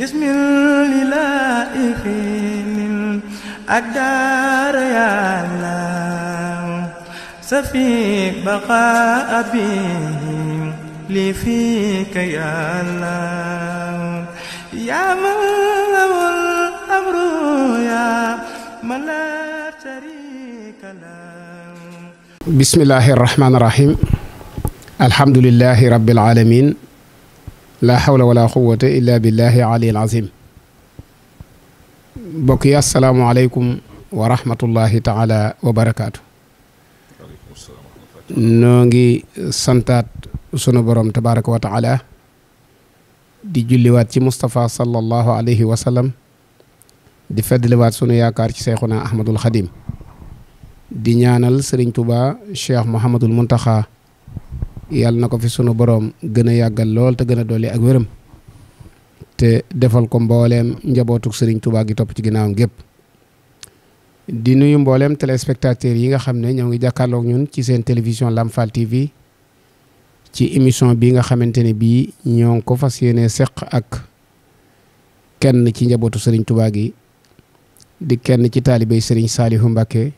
bismillaahi الدار يا الله سفي بقاء به لي فيك يا الله يا من له الأمر يا من لا شريك له بسم الله الرحمن الرحيم الحمد لله رب العالمين laa hawla wala quwwata illa billahi aliyil azim mbokk yi asalaamualeykum wa rahmatullahi taala wa barakaatu noo santaat sunu borom tabaraka wa taala di julliwaat ci Moustapha sallallahu alayhi wa sallam di feddliwaat sunu yaakaar ci Seyxuna Ahmadul Xadim di ñaanal Serigne Touba Cheikh Mouhamadul Muntaxa yàlla na ko fi sunu boroom gën a yàggal lool te gën a dolli ak wéram te defal ko mbooleem njabootuk sëriñ Tuubaa gi topp ci ginnaawam gépp di nuyu mbooleem téléspectateurs yi nga xam ne ñoo ngi jàkkaarloog ñun ci seen télévision Lamfal TV ci émission bi nga xamante ne bii ñoo ngi ko fas yéene seq ak kenn ci njabootu sëriñ Tuubaa yi di kenn ci taalibey sëriñ Saalihu Mbàkke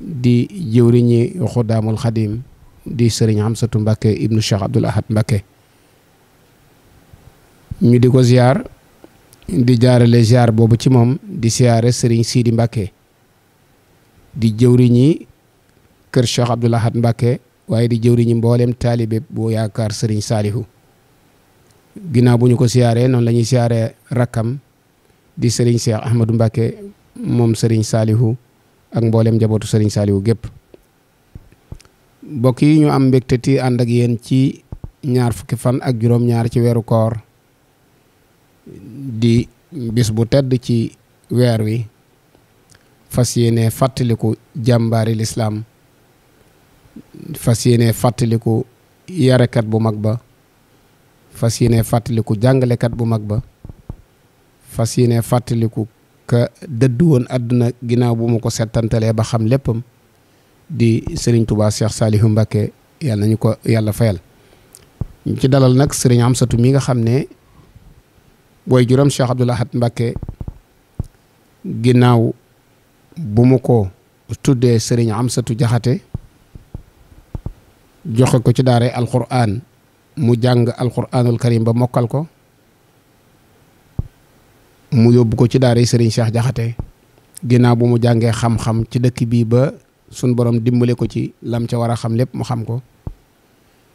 di jëwriñi Xudaamul Xadim di sëriñ Amsatu Mbàkke ibnu Cheikh Abdul Ahad mbakke ñu di ko ziar di jaarale ziar boobu ci moom di siyaare sëriñ Sidi Mbàkke di jëwriñi kër Cheikh Abdul Ahad Mbàkke waaye di jëwriñi mboolem taalibe boo yaakaar sëriñ Saalihu ginnaaw bu ñu ko siyaaree noonu la ñuy rakkam di sëriñ Cheikh Ahmadou Mbàkke moom sëriñ Saalihu ak mboolem njabootu sëriñ Saalihu gépp mbokk yi ñu am mbégte ti ànd ak yéen ci ñaar fukki fan ak juróom-ñaar ci weeru koor di bis bu tedd ci weer wi fas yéene fàttaliku jàmbaari lislaam fas yéene fàttaliku yarekat bu mag ba fas yéene fàttaliku jàngalekat bu mag ba fas yéene fàttaliku ka dëdd woon àdduna ginnaaw bu mu ko settantalee ba xam léppam di sëriñ Touba Cheikh Salihu Mbacke yàlla nañu ko yàlla fayal ñu ci dalal nag sëriñ am Amsatu mi nga xam ne booy juróom Cheikh Abdoul Ahad Mbacke ginnaaw bu mu ko tuddee sëriñ am Amsatu Jaxate joxe ko ci daare alquran mu jàng alquranul karim ba mokkal ko mu yóbbu ko ci daare sëriñ Cheikh Jaxate ginnaaw bu mu jàngee xam-xam ci dëkk bii ba suñ borom dimbale ko ci lam ca war a xam lépp mu xam ko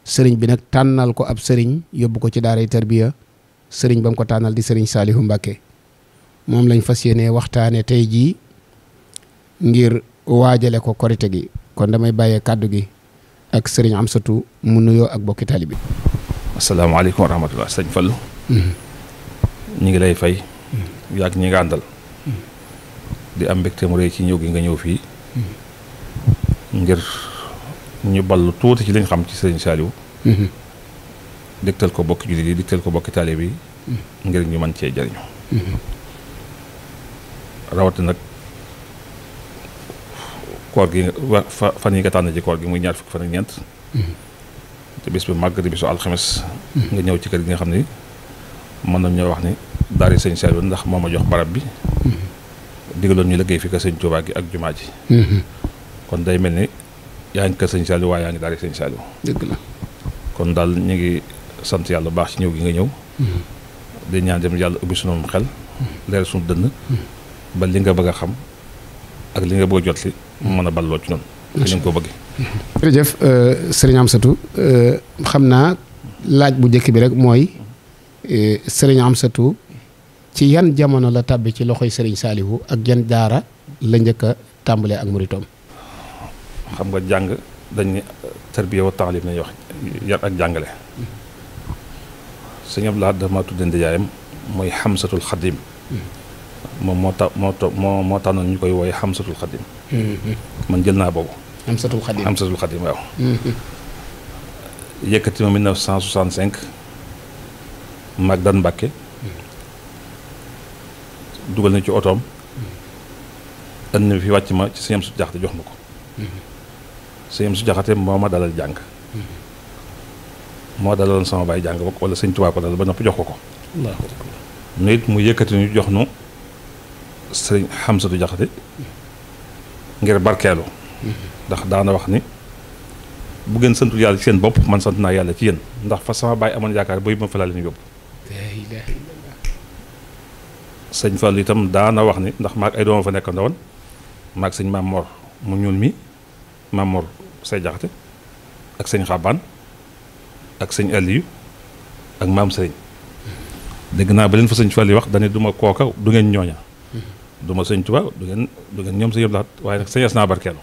sëriñ bi nag tànnal ko ab sëriñ yóbbu ko ci daaray tarbiya sëriñ bam ko tànnal di sëriñ Saalihu Mbàkke moom lañ fas yéene waxtaane tey jii ngir waajale ko korite gi kon damay bàyyee kàddu gi ak sëriñ Amsatu mu nuyoo ak bokki taalibe bi asalaamaaleykum wa rahmatullah sëñ Fallu mm-hmm. ñu ngi lay fay mm-hmm. yaag ñi nga àndal mm-hmm. di am mbégte mu rëy ci ñëw gi nga ñëw fii ngir ñu ballu tuuti ci liñ xam ci sëriñ Saliou mhm. diktal ko bokki jullit yi diktal ko bokki taalibe yi mhm. ngir ñu man cee jariñu mhm. rawati nag koor gi fan yi nga tànn ci koor gi muy ñaar fukki fan ak ñeent te bis bi màgg di bisu alxames nga ñëw ci kër gi nga xam ni mën nañ ñoo wax ni daari yi sëñ Saliou ndax moo ma jox barab bi digaloon ñu liggéey fi ka sëñ gi ak jumaa ji kon day mel ni yaa ngi kër sëñ Saliou waaye yaa ngi daal di sëñ Saliou. dëgg la kon daal ñu ngi sant yàlla baax ci ñëw gi nga ñëw. Mm-hmm. di ñaan dem yàlla ubbi suñu xel. Mm-hmm. leer suñu dënn. Mm-hmm. ba li nga bëgg a xam ak li nga bëgg a jot li mu mën a balloo ci noonu. incha allah ko bëgg. Euh, sëriñ Amsatou euh, xam naa laaj bu njëkk bi rek mooy euh, sëriñ Amsatou ci yan jamono la tàbbi ci loxoy sëriñ Saliou ak yan daara la njëkk a tàmbalee ak muritom xam nga jàng dañ ne tarbiya wa taalim nañuy wax yar ak jàngale sëñ Abdou Lahad dama tudde ndijaayam mooy xamsatul xadim moom moo tax moo to moo moo tànnoon ñu koy wooye xamsatul xadim man jël naa boobu xamsatul xadim xamsatul xadim waaw yëkkati ma 1965 maag daan Mbàkke dugal na ci otoom ënn fi wàcc ma ci sëñ am su jaaxte jox ma ko sëñ su jaxate moo ma dalal jàng moo dalaloon sama baay jàng ba wala sëñ Tuubaa ko dalal ba noppi jox ko ko nu mu yëkkati ñu jox nu sëñ Xamsatu jaxate ngir barkeelu ndax daana wax ni bu ngeen santul yàlla ci seen bopp man sant naa yàlla ci yéen ndax fa sama baay amoon yaakaar ba ma fa laa leen yóbbu sëñ Fall itam daana wax ni ndax maag ay dooma fa nekk ndawoon maag sëñ maam Mor mu ñuul mi Mamor say jaxate ak sëñ Xabaan ak sëñ Aliyu ak maam sëriñ dégg naa ba leen fa sëñ Fali wax dane du ma kooka du ngeen ñooña du ma sëñ Tuubaa du ngeen du ngeen ñoom sëñ Abdu Lahat waaye nag sëñees naa barkeelu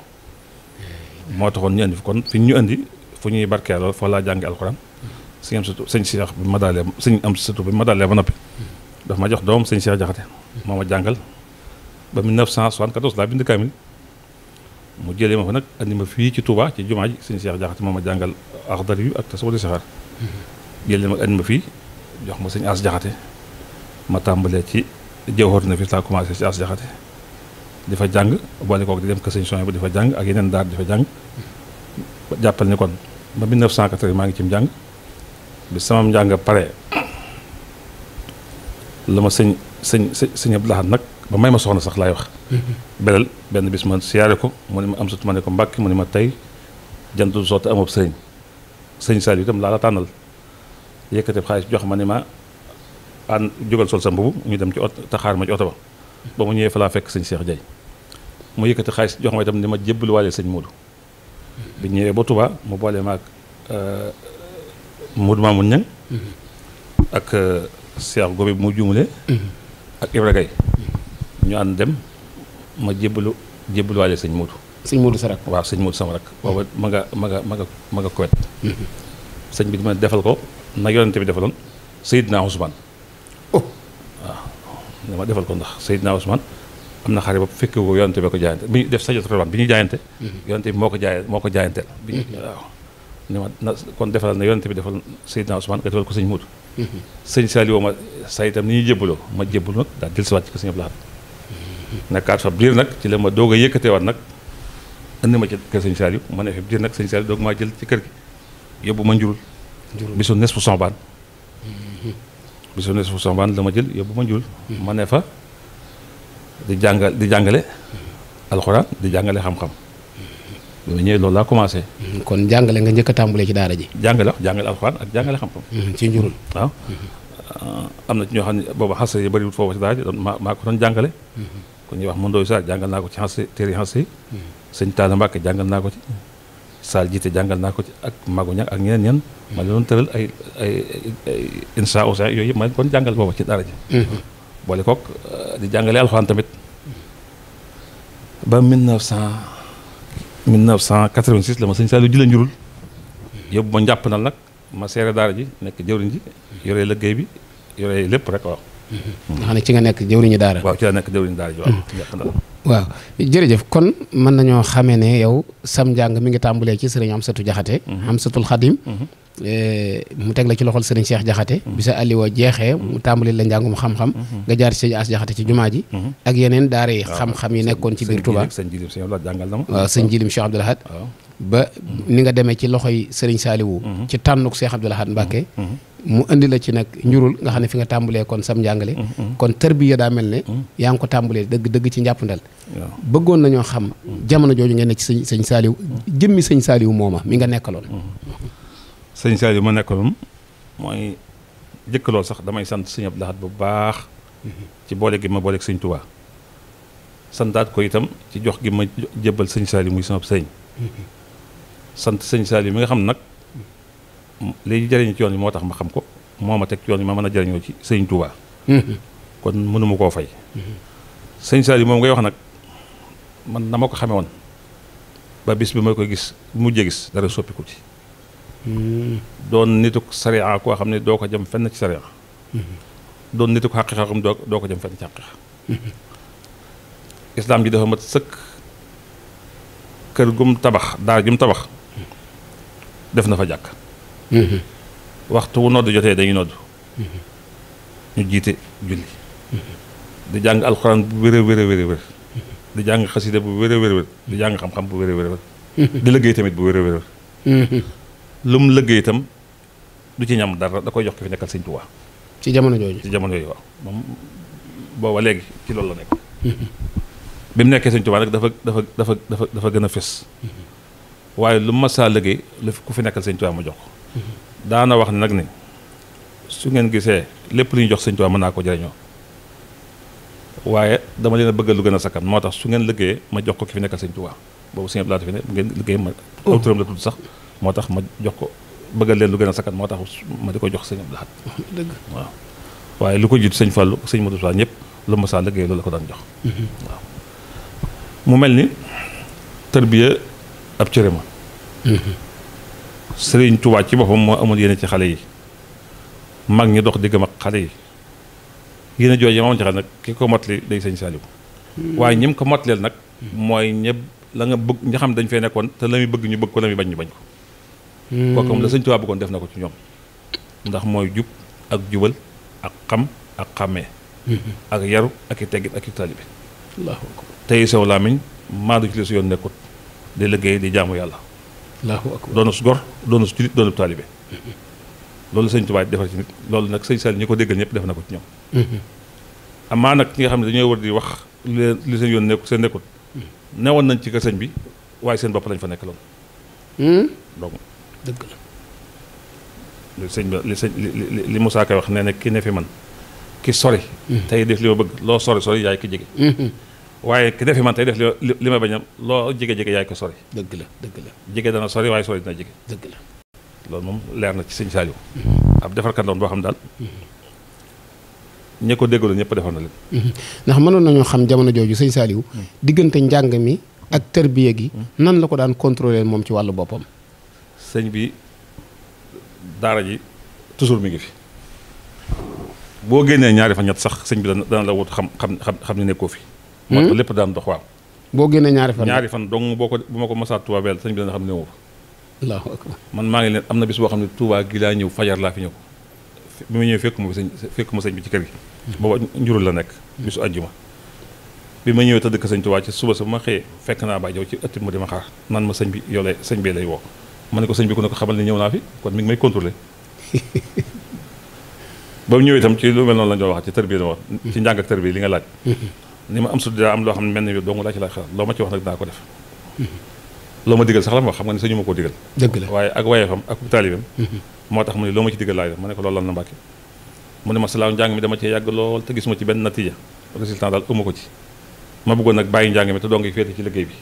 moo taxoon ñu indi kon fi ñu indi fu ñuy barkeeloo foo laa jàngi alxuraan sëñ am sëtu sëñ Cheikh bi ma daalee sëñ am sëtu bi ma daalee ba noppi daf ma jox doom sëñ Cheikh Jaxate moo ma jàngal ba 1974 laa bind kaamil mu jëlee ma fa nag andi ma fii ci Touba ci jumaa sëñ Cheikh Diakhaté moom ma jàngal axdar yu ak tasawudu saxaar mhm. jëlee ma andi ma fii jox ma sëñ As ma tàmbalee ci jawhar na fi laa commencé si As Diakhaté di fa jàng boole kook di dem ko sëñ Sonia ba di fa jàng ak yeneen daar di fa jàng mhm. jàppal ni kon ba 1980 maa ngi cim jàng bi sama njàng pare la ma sëñ sëñ sëñ Abdou Lahad nag ba may ma soxna sax laay wax belal benn bis ma siyaare ko mu ne ma am sut ma ne ko mbàkk mu ne ma tey jant du sotti amob sëriñ sëriñ Saal bi tam laa la tànnal yëkkati xaalis jox ma ne ma ànd jógal sol sa mbubu ñu dem ci oto taxaar ma ci oto ba ba mu ñëwee falaa fekk sëñ Cheikh Ndiaye mu yëkkati xaalis jox ma itam ni ma jébbalu waale sëñ Modou bi ñëwee ba Touba mu boole ma ak euh, Modou Mamoun Niang mhm. ak euh, Cheikh Gobe bu mu juumale mhm. ak Ibra ñu ànd dem ma jébbalu jébbaluwaale sëñ Modou. sëñ Modou sa rakk waaw sëñ Modou sama rakk. booba mm-hmm. ma nga ma nga ma nga ma nga kowet mm-hmm. sëñ bi defal ko nag yonente bi defaloon Seydina Ousmane. oh waaw dama defal ko ndax Seydina Ousmane am na xare fekke ko yonente bi ko jaayante bi def sajjatu rawaan bi ñuy jaayante. Mm-hmm. yonente moo ko jaay moo ko jaayanteel. bi waaw ne ma na kon defal na yonente bi defal Seydina Ousmane nga defal ko sëñ Modou. sëñ Saliou ma saa itam ni ñuy jébbaloo ma jébbalu nag daal dellusiwaat ci ko sëñ Abdou Lahad nekkaat fa biir nag ci la ma doog a yëkkateewaat nag andi ma ci kër sëñ Saliou ma ne fa sëñ Saliou doog maa jël ci kër gi yóbbu ma njurul bisu nes fu sombaan mm-hmm. bisu nes fu sombaan la ma jël yóbbu ma njurul mm-hmm. ma ne fa di jàngal di jàngale mm-hmm. alxuraan di jàngale xam-xam ba ñëwee loolu laa commencé. kon jàngale nga njëkk a ci daara ji. jàngale jàngale alxuraan ak jàngale xam-xam. ci njurul waaw. am na ci ñoo xam ne booba xase yi bëriwul foofu si daara ji maa maa ko doon jàngale. ku ñuy wax Moundoy Sarr jàngal naa ko ci xansi téere xansi hmm. sëñ Talla Mbacke jàngal naa ko ci Sall jiite jàngal naa ko ci ak Magu ak ñeneen ñen hmm. ma leen doon ay ay insa osa yooyu yëpp ma kon jàngal booba ci dara ji hmm. boole kook euh, di jàngale alxuraan tamit ba 1900 1986 la ma sëñ Saliou ji la njurul yóbbu ma njàpp nal nag ma seere daara ji nekk jëwriñ ji yore liggéey bi yore lépp rek waaw nga xam ne ci nga nekk jëwriñu daara. waaw ci la nekk jëwriñu daara mm. waaw jërëjëf kon mën nañoo xamee ne yow sam njàng mi ngi tàmbulee ci sëriñ Amsatu Jaxate Amsatul Xadim mu teg la ci loxol sëriñ Cheikh Jaxate mm-hmm. bi sa alliwa jeexee mm-hmm. mu tàmbali la njàngum xam-xam mm-hmm. nga jaar ci sëñ As Jaxate ci jumaa ji ak yeneen daara yi xam-xam yi nekkoon ci biir Touba waaw sëñ Jilim Cheikh Abdoul Ahad ba ni nga demee ci loxo loxoy Serigne Saliou mhm. ci tànnuk Cheikh Abdoul Ahad Mbacké mhm. Mhm. mu indi la ci nag njurul nga xam ne fi nga tàmbalee kon sam njàngale kon tarbiya daa mel ne yaa ngi ko tàmbalee dëgg dëgg ci njàppandal bëggoon nañoo xam jamono jooju ngeen ne ci sëñ sëñ Saliou jëmmi sëñ Saliou mooma mi nga nekkaloon sëñ Saliou ma nekkaloon mooy jëkk sax damay sant sëñ Abdoul Ahad bu baax ci boole gi ma boole ak sëñ Touba santaat ko itam ci jox gi ma jëbbal sëñ Saliou muy sama sëñ sant sëñ bi mi nga xam nag léegi jëriñu ci yoon yi moo tax ma xam ko moo ma teg ci yoon yi ma mën a jëriñoo ci sëñ Touba. Mhm. kon mënuma koo fay. Mhm. sëñ Saliou moom ngay wax nag man na ma ko xamee woon ba bis bi ma koy gis mujjee gis dara soppiku ci. Mhm. doon nituk sariya koo xam ne doo ko jëm fenn ci sariya. doon nituk xaqiqa xam doo doo ko jëm fenn ci xaqiqa. islam ji dafa mat sëkk kër gum tabax daar gum tabax. def na fa jàkk mm-hmm. waxtu wu nodd jotee dañuy nodd mm-hmm. ñu jiite julli mm-hmm. di jàng alxuraan bu wér a wér a wér a di jàng xasida bu wér a wér a wér di bu wér a di liggéey tamit bu wér a wér a lu mu liggéey itam du ci ñam dara da koy jox ki fi nekkal sëñ Tuubaa ci jamono jooju ci jamono yooyu waaw moom booba léegi ci loolu la nekk bi mu nekkee sëñ Tuubaa nag dafa dafa dafa dafa dafa gën a fës waaye lu masaa liggéey lu ku fi nekkal sëñ Tuubaa ma jox ko daana wax nag ne su ngeen gisee lépp lu ñu jox sëñ Tuubaa mën naa ko jëriñoo waaye dama leen a bëgg lu gën a sakkan moo tax su ngeen liggéeyee ma jox ko fi nekkal sëñ Tuubaa boobu sëñ Abdoulaye fi ne bu liggéey ma oh. aw turam la tudd sax moo tax ma jox ko bëggal leen lu gën a sakkan moo tax ma di ko jox sëñ Abdoulaye dëgg waaye lu ko jiitu sëñ Fallou sëñ Modou Fall ñëpp lu masaa liggéey loolu la ko daan jox mm-hmm. mu mel ni tarbiya ab cëre ma sëriñ Tuubaa ci boppam moo amoon yéene ci xale yi mag ñi dox diggam ak xale yi yéene jooju ma amoon ci xale nag ki ko motli day sëñ Saaliw waaye ñim ko motleel nag mooy ñëpp la nga bëgg nga xam dañ fee nekkoon te la muy bëgg ñu bëgg ko la muy bañ ñu bañ ko hmm. kooku la sëñ Tuubaa bëggoon def na ko ci ñoom ndax mooy jub ak jubal ak xam ak xàmmee hmm. ak yaru ak i teggit ak i taalibe tey sew laamiñ maa ci li su yoon nekkut de liggéey di jaamu yàlla doonu su gor doonu su julit doonu taalibe loolu sëñ Tuubaa defar ci nit loolu nag sëñ Saliou ñi ko déggal ñëpp def na ko ci ñoom amaa nag ñi nga xam ne dañoo war di wax li seen yoon nekku seen nekkut newoon nañ ci kër sëñ bi waaye seen bopp lañ fa nekk loon hmm? donc dëgg la li sëñ ba li sëñ li Moussa Ka wax nee na ki ne fi man ki sori hmm. tey def li ma bëgg loo sori sori yaay ki jege hmm, waaye ki yi man tey def li li ma bañam loo jege-jege yaay ko sori dëgg la dëgg la jege dana sori waaye sori dina jege dëgg la loolu moom leer na ci sëñ Saliou mm-hmm. ab defarkandoon boo xam daal mm-hmm. ñi ko déggaloon ñëpp defar na leen mm-hmm. ndax mënoon nañu xam jamono jooju sëñ Saliou diggante njàng mi ak tërbiya gi nan la ko daan contrôler moom ci wàllu boppam sëñ bi daara ji toujours mi ngi fi boo génnee ñaari fa ñett sax sëñ bi dana la wut xam xam xam ne nekkoo fi moo tax hmm? lépp daan dox waaw boo génnee ñaari fan ñaari fan dong boo ko bu ma ko masaa Touba bel sëñ bi dana xam ne wu man maa ngi leen am na bis boo xam ne Touba gi laa ñëw fajar laa fi ñëw bi ma ñëw fekk ma sëñ fekk ma sëñ bi ci kër gi hmm. booba njurul la nekk hmm. bisu àjjuma bi ma ñëwee tëdd ko sëñ Touba ci suba sa ma xëyee fekk naa bàyyi jaw ci ëtt mu dima xaar naan ma sëñ bi yow lay sëñ bi lay woo ma ne ko sëñ bi ko ne ko xamal ni ñëw naa fi kon mi ngi may contrôler ba mu ñëwee tam ci lu mel noonu lañ doon wax ci tër bi la ci njàng bi li nga laaj ni ma am su daa am loo xam ne mel ni yow dong laa ci laa xalaat loo ma ci wax nag dinaa ko def loo ma digal sax la ma wax xam nga ne sañu ma koo digal dëgg la waaye ak wayeefam ak taalibeem mhm. moo tax mu ne loo ma ci digal laay def ma ne ko loolu lan na mbàkke mu ne ma salaaw dama cee yàgg lool te gisuma ci benn natija résultat daal ëmma ko ci ma bëggoon nag bàyyi njàng mi te doo ngi ci liggéey bi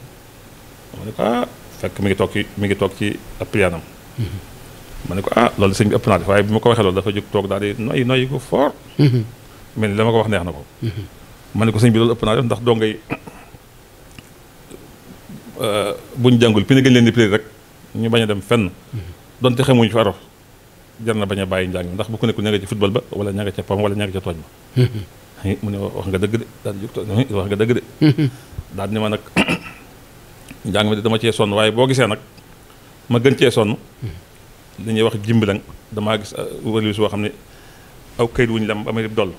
ma ne ko ah, fekk mi ngi toog ci mi ngi toog ci ab mhm. ma ne ko ah loolu sëñ ëpp naa def waaye bi ma ko waxee loolu dafa jóg toog daal di noyyi noyyi ko fort mhm. mel ni dama ko wax neex na ko ma ne ko sëñ bi loolu ëpp naa def ndax doo ngay euh, buñ jàngul pini gañ leen di pili rek ñu bañ a dem fenn mm-hmm. donte xamuñu fi araf jar na bañ a bàyyi njàng ndax bu ko nekkul ña nga ci football ba wala ña nga ca pom wala ña ca tooj ba mm-hmm. mu ne wax nga dëgg de daal wax nga dëgg ni mm-hmm. ma nag njàng mi dama cee sonn waaye boo gisee nag ma gën cee sonn li wax jimbilang damaa gis euh, wëliis woo xam ne aw kayit wuñu lam amay dol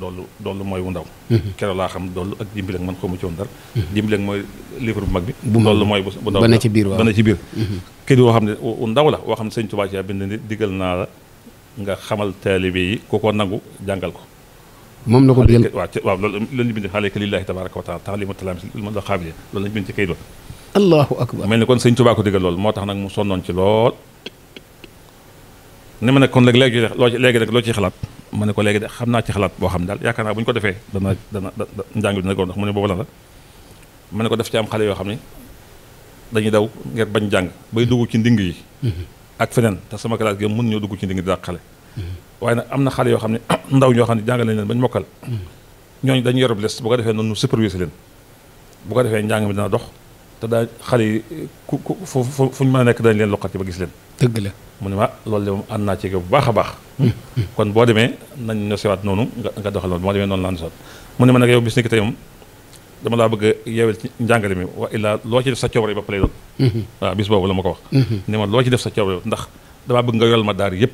doolu doolu mooy wu ndaw mhm. keroog laa xam doolu ak dimbileeg man xaw ma ci woon dara mhm. dimbileeg mooy livre bu mag bi doolu mooy bu ndaw ba na ci biir waaw ba ci biir mhm. kii xam ne ndaw la woo xam ne sëñ Tuubaa ci bind ni digal naa la nga xamal taalibe yi ku ko ko moom la ko digal waaw waaw loolu loolu ñu bind xaaleyka lillaahi tabaaraka wa taala taalimu talaam ma la xaabile loolu lañu bind ci kayit wa mel ni kon sëñ Tuubaa ko digal loolu moo tax nag mu sonnoon ci lool ne ma ne kon léegi léegi léegi rek loo ciy xalaat ma ne ko léegi de xam naa ci xalaat boo xam ne daal yaakaar naa bu ñu ko defee dana dana njàng dina góor ndax mu ne boobu la la ma ne ko def ci am xale yoo xam ne dañuy daw ngir bañ jàng bay dugg ci nding yi mm-hmm. ak feneen te sama classe gi mën ñoo dugg ci nding di dàq xale mm-hmm. waaye nag am na xale yoo xam ne ndaw ñoo xam ne jàngal nañ leen bañ mokkal mm-hmm. ñooñu dañu yorub les bu ko defee noonu superviser leen bu ko defee njàng mi dana dox te daal xale yi ku ku fu fu ñu mën nekk dañ leen loqati ba gis leen. dëgg la mu ne ma loolu de moom ànd naa ci bu baax a baax. Hmm. kon boo demee nañ ñu sewaat noonu nga nga doxal noonu boo demee noonu laa ñu mu ne ma nag yow bis ni ki tey laa bëgg a yeewal ci njàngale mi wa loo sa coobare ba pare doon. Hmm. waaw bis ko wax. Hmm. ne ma loo ci def sa coobare ndax damaa bëgg nga yoral ma daar yëpp.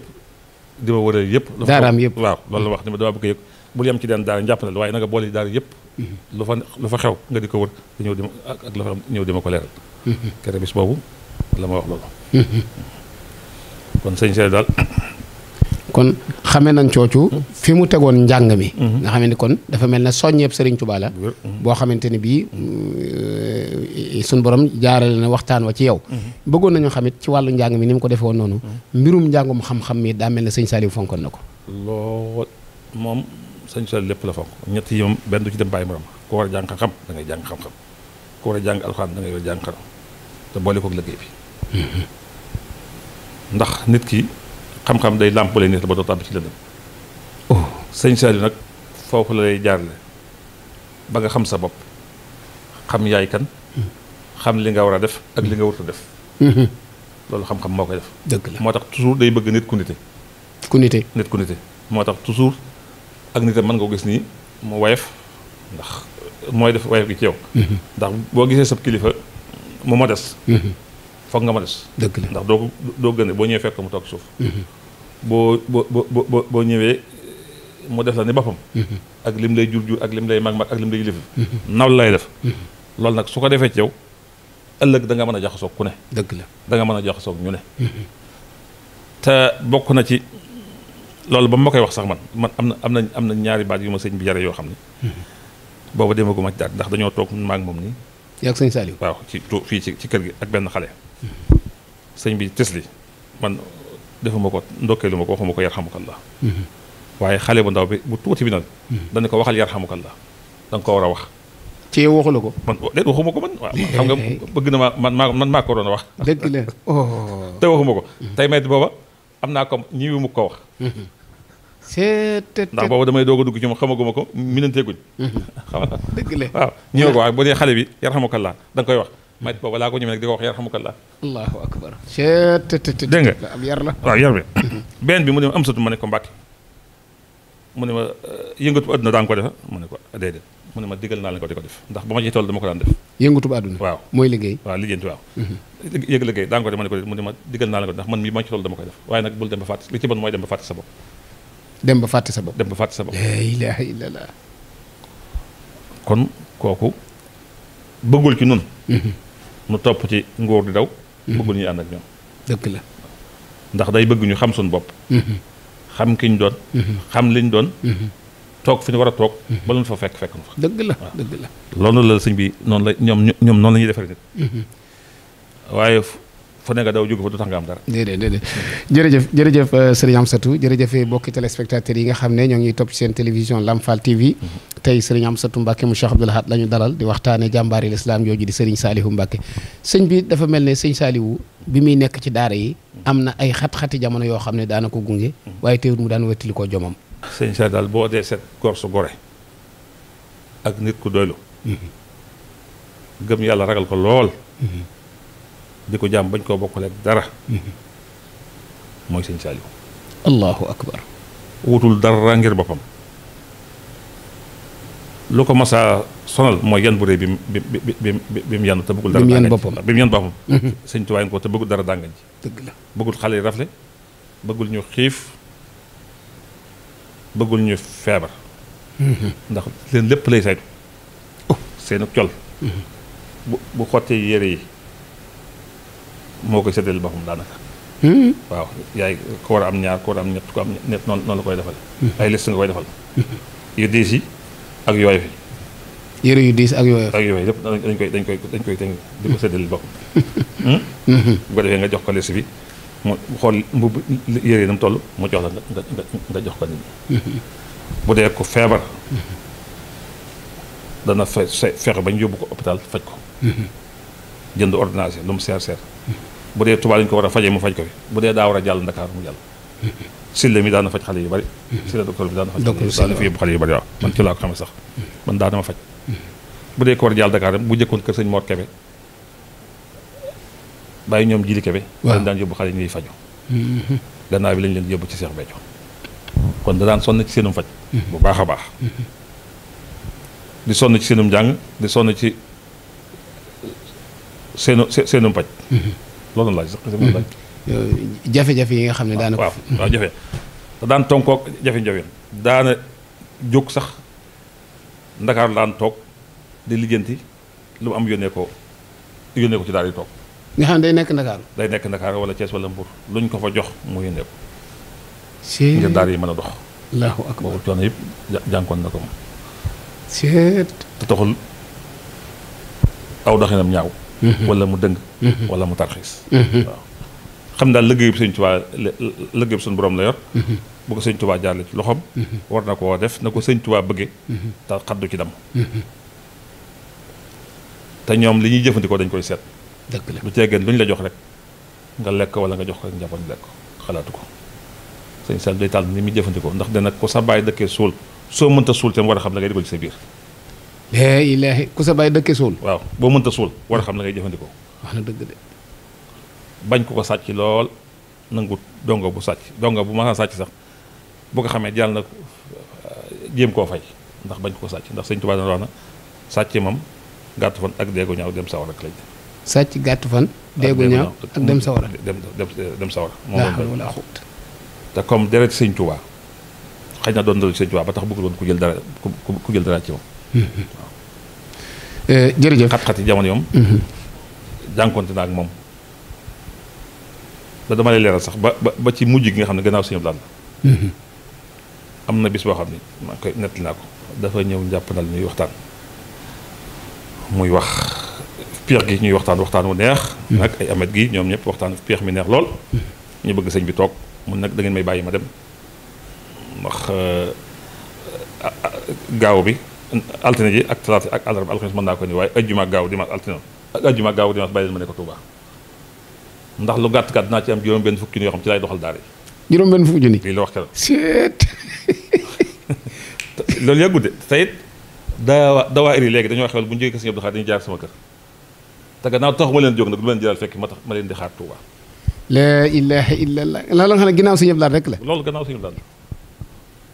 di ma wëral yëpp. daaraam yëpp waaw loolu la wax ne ma damaa bëgg yëpp bul yem ci daan daar njàpp na la waaye nag boole daara yëpp lu fa lu fa xew nga di ko wër la fa ñëw di ma ko leeral kere bis boobu la ma wax loolu kon sëñ Seydou daal kon xamee nañ coocu fi mu tegoon njàng mi nga xam ne kon dafa mel ne soññeeb Serigne Touba boo xamante ni bii euh, euh, suñ borom jaarale na waxtaan wa ci yow bëggoon nañu xamit ci wàllu njàng mi ni mu ko defee woon noonu mbirum njàngum xam-xam mi daa mel ne sëñ Saliou na ko sëñ Saliou lépp la fonk ñett yi moom benn du ci dem bàyyi morom ku war a jàng xam-xam ngay jàng xam-xam ku war da ngay war te boole koog liggéey bi mm-hmm. nit ki xam day làmpale nit ba doo tàbbi ci lëndëm oh. sëñ Saliou nag foofu la lay jaarale ba nga xam sa bopp xam yaay kan mm-hmm. xam li nga war a def ak li nga warut a def mm-hmm. loolu xam moo koy def dëgg la moo tax toujours day bëgg nit ku nite ku nite nit ku moo tax toujours ak nitam mën nga ko gis nii mu woyof ndax mooy def woyof gi ci yow. Mhm. ndax boo gisee sab kilifa mu ma des. Mhm. foog nga ma des. dëkk la ndax doo ko doo gën boo ñëwee fekk mu toog suuf. Mhm. boo boo boo boo ñëwee mu def la ni boppam. ak lim lay jur jur ak lim lay mag mag ak lim lay yilif. naw lay def. loolu nag su ko defee ci yow ëllëg da nga mën a jaxasoo ku ne. dëkk la da nga mën a jaxasoo ñu ne. te bokk na ci. loolu ba ma koy wax sax man man am na am na am na ñaari baat yu ma sëñ bi yare yoo xam ne mhm. booba demaguma ci daal ndax dañoo toog maak moom nii yaa ak sëñ Saliou waaw ci tu fii ci ci kër gi ak benn xale mhm. sëñ bi tesli man defuma ko ndokkeelu ma ko waxuma ko yarhamukallah mhm. waaye xale bu ndaw bi bu tuuti bi nag dañu ko waxal yarhamukallah da nga ko war a wax ci yow ko man waxuma ko man waaw xam nga bëgg na ma man maa man maa ko doon wax dëgg la te waxuma ko tey may booba am naa ko ñi wu ko wax ndax boobu damay doog a dugg ci moom xamaguma ko minanteeguñ xam nga dëgg la waaw ñëw ko waaw bu dee xale bi yarhamukallah da nga koy wax mat boobu laa ko ñëmee nag di ko wax yarhamukallah allahu akbar dégg nga am yar la waaw yar bi benn bi mu ne ma am satu ma ne ko mbàkke mu ne ma eh, yëngatu bu àdduna daa nga ko defa mu ne ko déedéet mu ne ma digal naa la ko di ko def ndax ba ma ci toll dama ko daan def yëngatu bu àdduna waaw mooy liggéey waaw liggéeyanti waaw mhm. yëg liggéey daa nga ko def mu ne ko mu ne ma digal naa la ko ndax man mii ba ma ci toll dama koy def waaye nag bul dem ba fàtte li ci bon mooy dem ba fàtte sa bopp dem ba fàtte sa bopp ba fàtte sa bopp. la ilaha kon kooku bëggul ci noonu mhm. mu topp ci ngóor di daw. Mhm. bëggul ñuy ànd ak ñoom. dëgg la. ndax day bëgg ñu xam suñu bopp. Mhm. xam ki ñu doon. xam li doon. toog fi ñu war a toog. ba lu fa fekk fekk fa. dëgg la dëgg la. loolu la sëñ bi noonu la ñoom ñoom noonu la ñuy defaree nit. waaye fu ne nga daw jóge fa du tax nga am dara. déedéet déedéet jërëjëf jërëjëf euh, sëriñ Amsatou jërëjëf euh, mbokki téléspectateurs yi nga xam ne ñoo ngi topp seen télévision Lamfal TV. Mm-hmm. tey sëriñ Amsatou Mbacke mu Cheikh Abdoul Ahad la ñu dalal di waxtaanee jàmbaari lislaam yooyu di sëriñ Salihu Mbacke. sëñ bi dafa mel ne sëñ Salihu bi muy nekk ci daara yi. am na ay xat-xati jamono yoo xam ne daana ko gunge. Mm-hmm. waaye teewul mu daan wettali ko jomam. sëñ Salihu daal boo dee set góor su gore ak nit ku doylu mm-hmm. gëm yàlla ragal ko lool di ko jaam bañ koo bokkaleeg dara mooy sëñ Saaliw allahu akbar wutul dara ngir boppam lu ko masa sonal mooy yan bu rëy bi mu bi bi mu yan te bëggul dara. bi mu yan boppam bi mu yan boppam. Mhm. sëñ Tuubaa ko te bëggul dara dàngañ ji. dëgg la bëggul xale yi rafle bëggul ñu xiif bëggul ñu feebar. Mhm. ndax leen lépp lay saytu. Oh. seen col. Mhm. bu bu xottee yére yi. moo koy séddale boppam daanaka. Hmm? waaw yaay ku war a am ñaar ku war a am ñett ku am ñett noonu la koy defal. ay liste nga koy defal. Hmm. yu diis yi ak yooyu fi. yére yu diis ak yooyu. ak yooyu lépp dañ koy dañ koy dañ koy tënk di ko séddale hmm? nga jox ko liste bi mu xool mbubb yére yi na mu toll mu jox la nga nga nga jox ko nit bu dee ko feebar. dana fe fexe ba ñu yóbbu ko hôpital faj ko. jënd ordonnance lu mu seer seer. bu dee Tuubaa lañ ko war a fajee mu faj ko fi bu dee daa war a jàll Ndakaar mu jàll sille mi daana faj xale yu bari sille docteur bi daana faj daana fi yóbbu xale yu bari laa ko xamee sax man daana ma faj bu dee ko war a jàll Dakar bu jëkkoon kër sëñ Mor Kebe ñoom jili Kebe dañ daan yóbbu xale yi ñuy bi lañ leen yóbbu ci Seex Béthio kon da daan sonn ci seenum faj bu baax a baax di sonn ci seenum jàng di sonn ci seenu seenum faj loolu laaj sax xasee loolu hmm. laaj. Euh, jafe-jafe yi nga xam ne daan waaw waaw jafe te daan tonkoog jafe-jafe daana jóg sax ndakaar daan toog di lijjanti lu am yónnee ko yónnee ci daal di toog. nga xam ne day nekk ndakaar day nekk ndakaar wala Thiès wala Mbour luñ ko fa jox mu yónnee ko. yi mën a dox. allahu akbar boobu coono yëpp jànkoon na ko moom. te taxul aw doxinam ñaaw. Mm-hmm. wala mu dëng mm-hmm. wala mu tarxiis mm-hmm. waaw xam daal liggéey bi sëñ tubaa liggéey bi suñu borom la yor bu ko sëñ tubaa jaarle ci loxoom war na koo def na ko sëñ tubaa bëggee te xaddu ci dam te ñoom li ñuy jëfandikoo dañ koy set dëgg la lu ceegeen lu ñu la jox rek nga lekk wala nga jox ko rek njaboot lekk xalaatu ko sëñ Sall day taal ni muy jëfandikoo ndax dana ko sa bàyyi dëkkee suul soo mënta suul tam war a xam la ngay dugal ci sa biir lée ilaahi sa bàyyi dëkke waaw boo mënta suul war xam la ngay jëfandikoo wax na dëgg bañ ko sàcc lool nangu dongo bu sàcc dongo bu masa sàcc sax bu ko xamee jàll na euh, jéem koo fay ndax bañ ko sàcc ndax sëñ Tuubaa na sàcc moom gàttu fan ak deegu ñaaw dem sawar ak lañ sàcc gàttu fan ah, deegu ñaaw ak dem sawar dem dem sawar moom la te comme deret sëñ Tuubaa xëy na doon dalu sëñ Tuubaa ba tax bëggul woon ku jël dara ku jël dara ci moom Euh, jërëjëf xat-xati jamono yom mm-hmm. jànkonte naa ak moom da dama lay leeral sax ba ba ci mujj gi nga xam ne gannaaw sëñ Abdalla mm-hmm. am na bis boo xam ne maa koy nettali naa ko dafa ñëw njàpp njàppandal ñuy waxtaan muy wax piix gi ñuy waxtaan waxtaan wu neex nag mm-hmm. ay amet gi ñoom ñëpp waxtaan piix mi neex lool ñu bëgg sëñ bi toog mun nag da ngeen may bàyyi ma dem ndax euh, gaaw bi altine ji ak talaata ak àllarba alxames mën naa ko ni waaye ajjuma gaaw dimanche altine ak ajjuma gaaw dimanche bàyyi leen ma ne ko Touba ndax lu gàtt gàtt dinaa ci am juróom-benn fukki junni yoo ci lay doxal daara yi juróom-benn fukki junni lii la wax keroog seet loolu yàggude te it dawaa dawaa iri léegi dañoo xewal bu njëkk si ñëpp daxaar dañu jaar sama kër te gannaaw taxu ma leen jóg nag du ma leen jëlal fekk ma tax ma leen di xaar Touba la ilaha illallah la nga xam ne ginnaaw suñu yëpp daal rek la loolu gannaaw suñu yëpp daal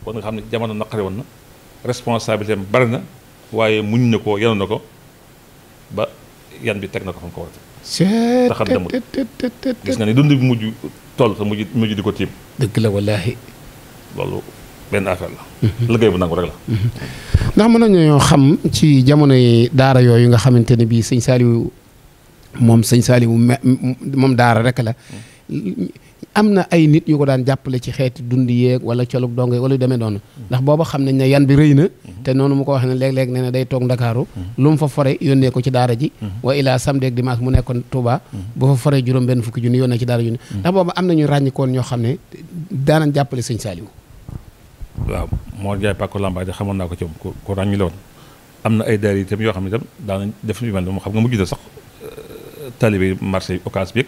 kon nga xam ne jamono naqari woon na responsabilité am bari na waaye muñ na ko yenu na ko ba yan bi teg na ko fa mu ko war a teg. taxam demul gis nga ni dund bi mujj toll te mujj di ko tiim. dëgg la wallaahi. loolu benn affaire la. Mhm. liggéey bu nangu rek la. Mhm. ndax mën nañoo xam ci jamonoy daara yooyu nga xamante ne bii sëñ Saliou moom sëñ Saliou moom daara rek la. Mhm. am na ay nit yu ko daan jàppale ci xeeti dund yeeg wala colug dong yeeg wala yu demee noonu mm-hmm. ndax booba xam nañ ne yan bi rëy na mm-hmm. te noonu mu ko wax ne léeg-léeg ne na day toog ndakaaru mm-hmm. lu mu fa ko ci daara ji wa ilaa samedi ak dimanche mu nekkoon Touba bu fa fore juróom benn fukki junni yónnee ci daara junni ndax booba am nañu ràññikoon ñoo xam ne daanañ jàppale sëñ Saliou waaw moo jaay pàkku lambaay de xamoon naa ko ci moom ku ràññi la woon ay daara yoo xam ne itam daanañ def yu mel ne moom xam nga mujj na sax euh, talibé marché occasion bi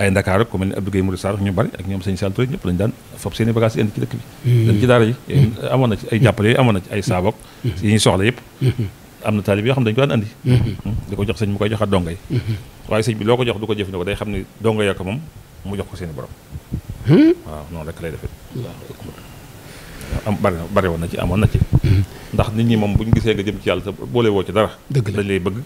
ay Ndakaar ku mel ni Abdou Gueye Mourou Sarr ñu bari ak ñoom sëñ Sall Touré ñëpp dañu daan fab seen i bagages indi ci dëkk bi hmm. dañ ci daara hmm. amoon na ci ay jàppale amoon na ci ay saabok yi hmm. ñuy soxla yëpp am na taalib yoo xam ne dañu ko daan andi di ko jox sëñ mu koy joxaat dongay waaye sëñ bi loo ko jox du ko jëfandikoo day xam ni donga yoo ko moom mu jox ko seen borom waaw noonu rek lay defee am bari bari woon na ci amoon na ci ndax nit ñi moom bu ñu gisee nga jëm ci yàlla te boole woo ci dara dañ lay bëgg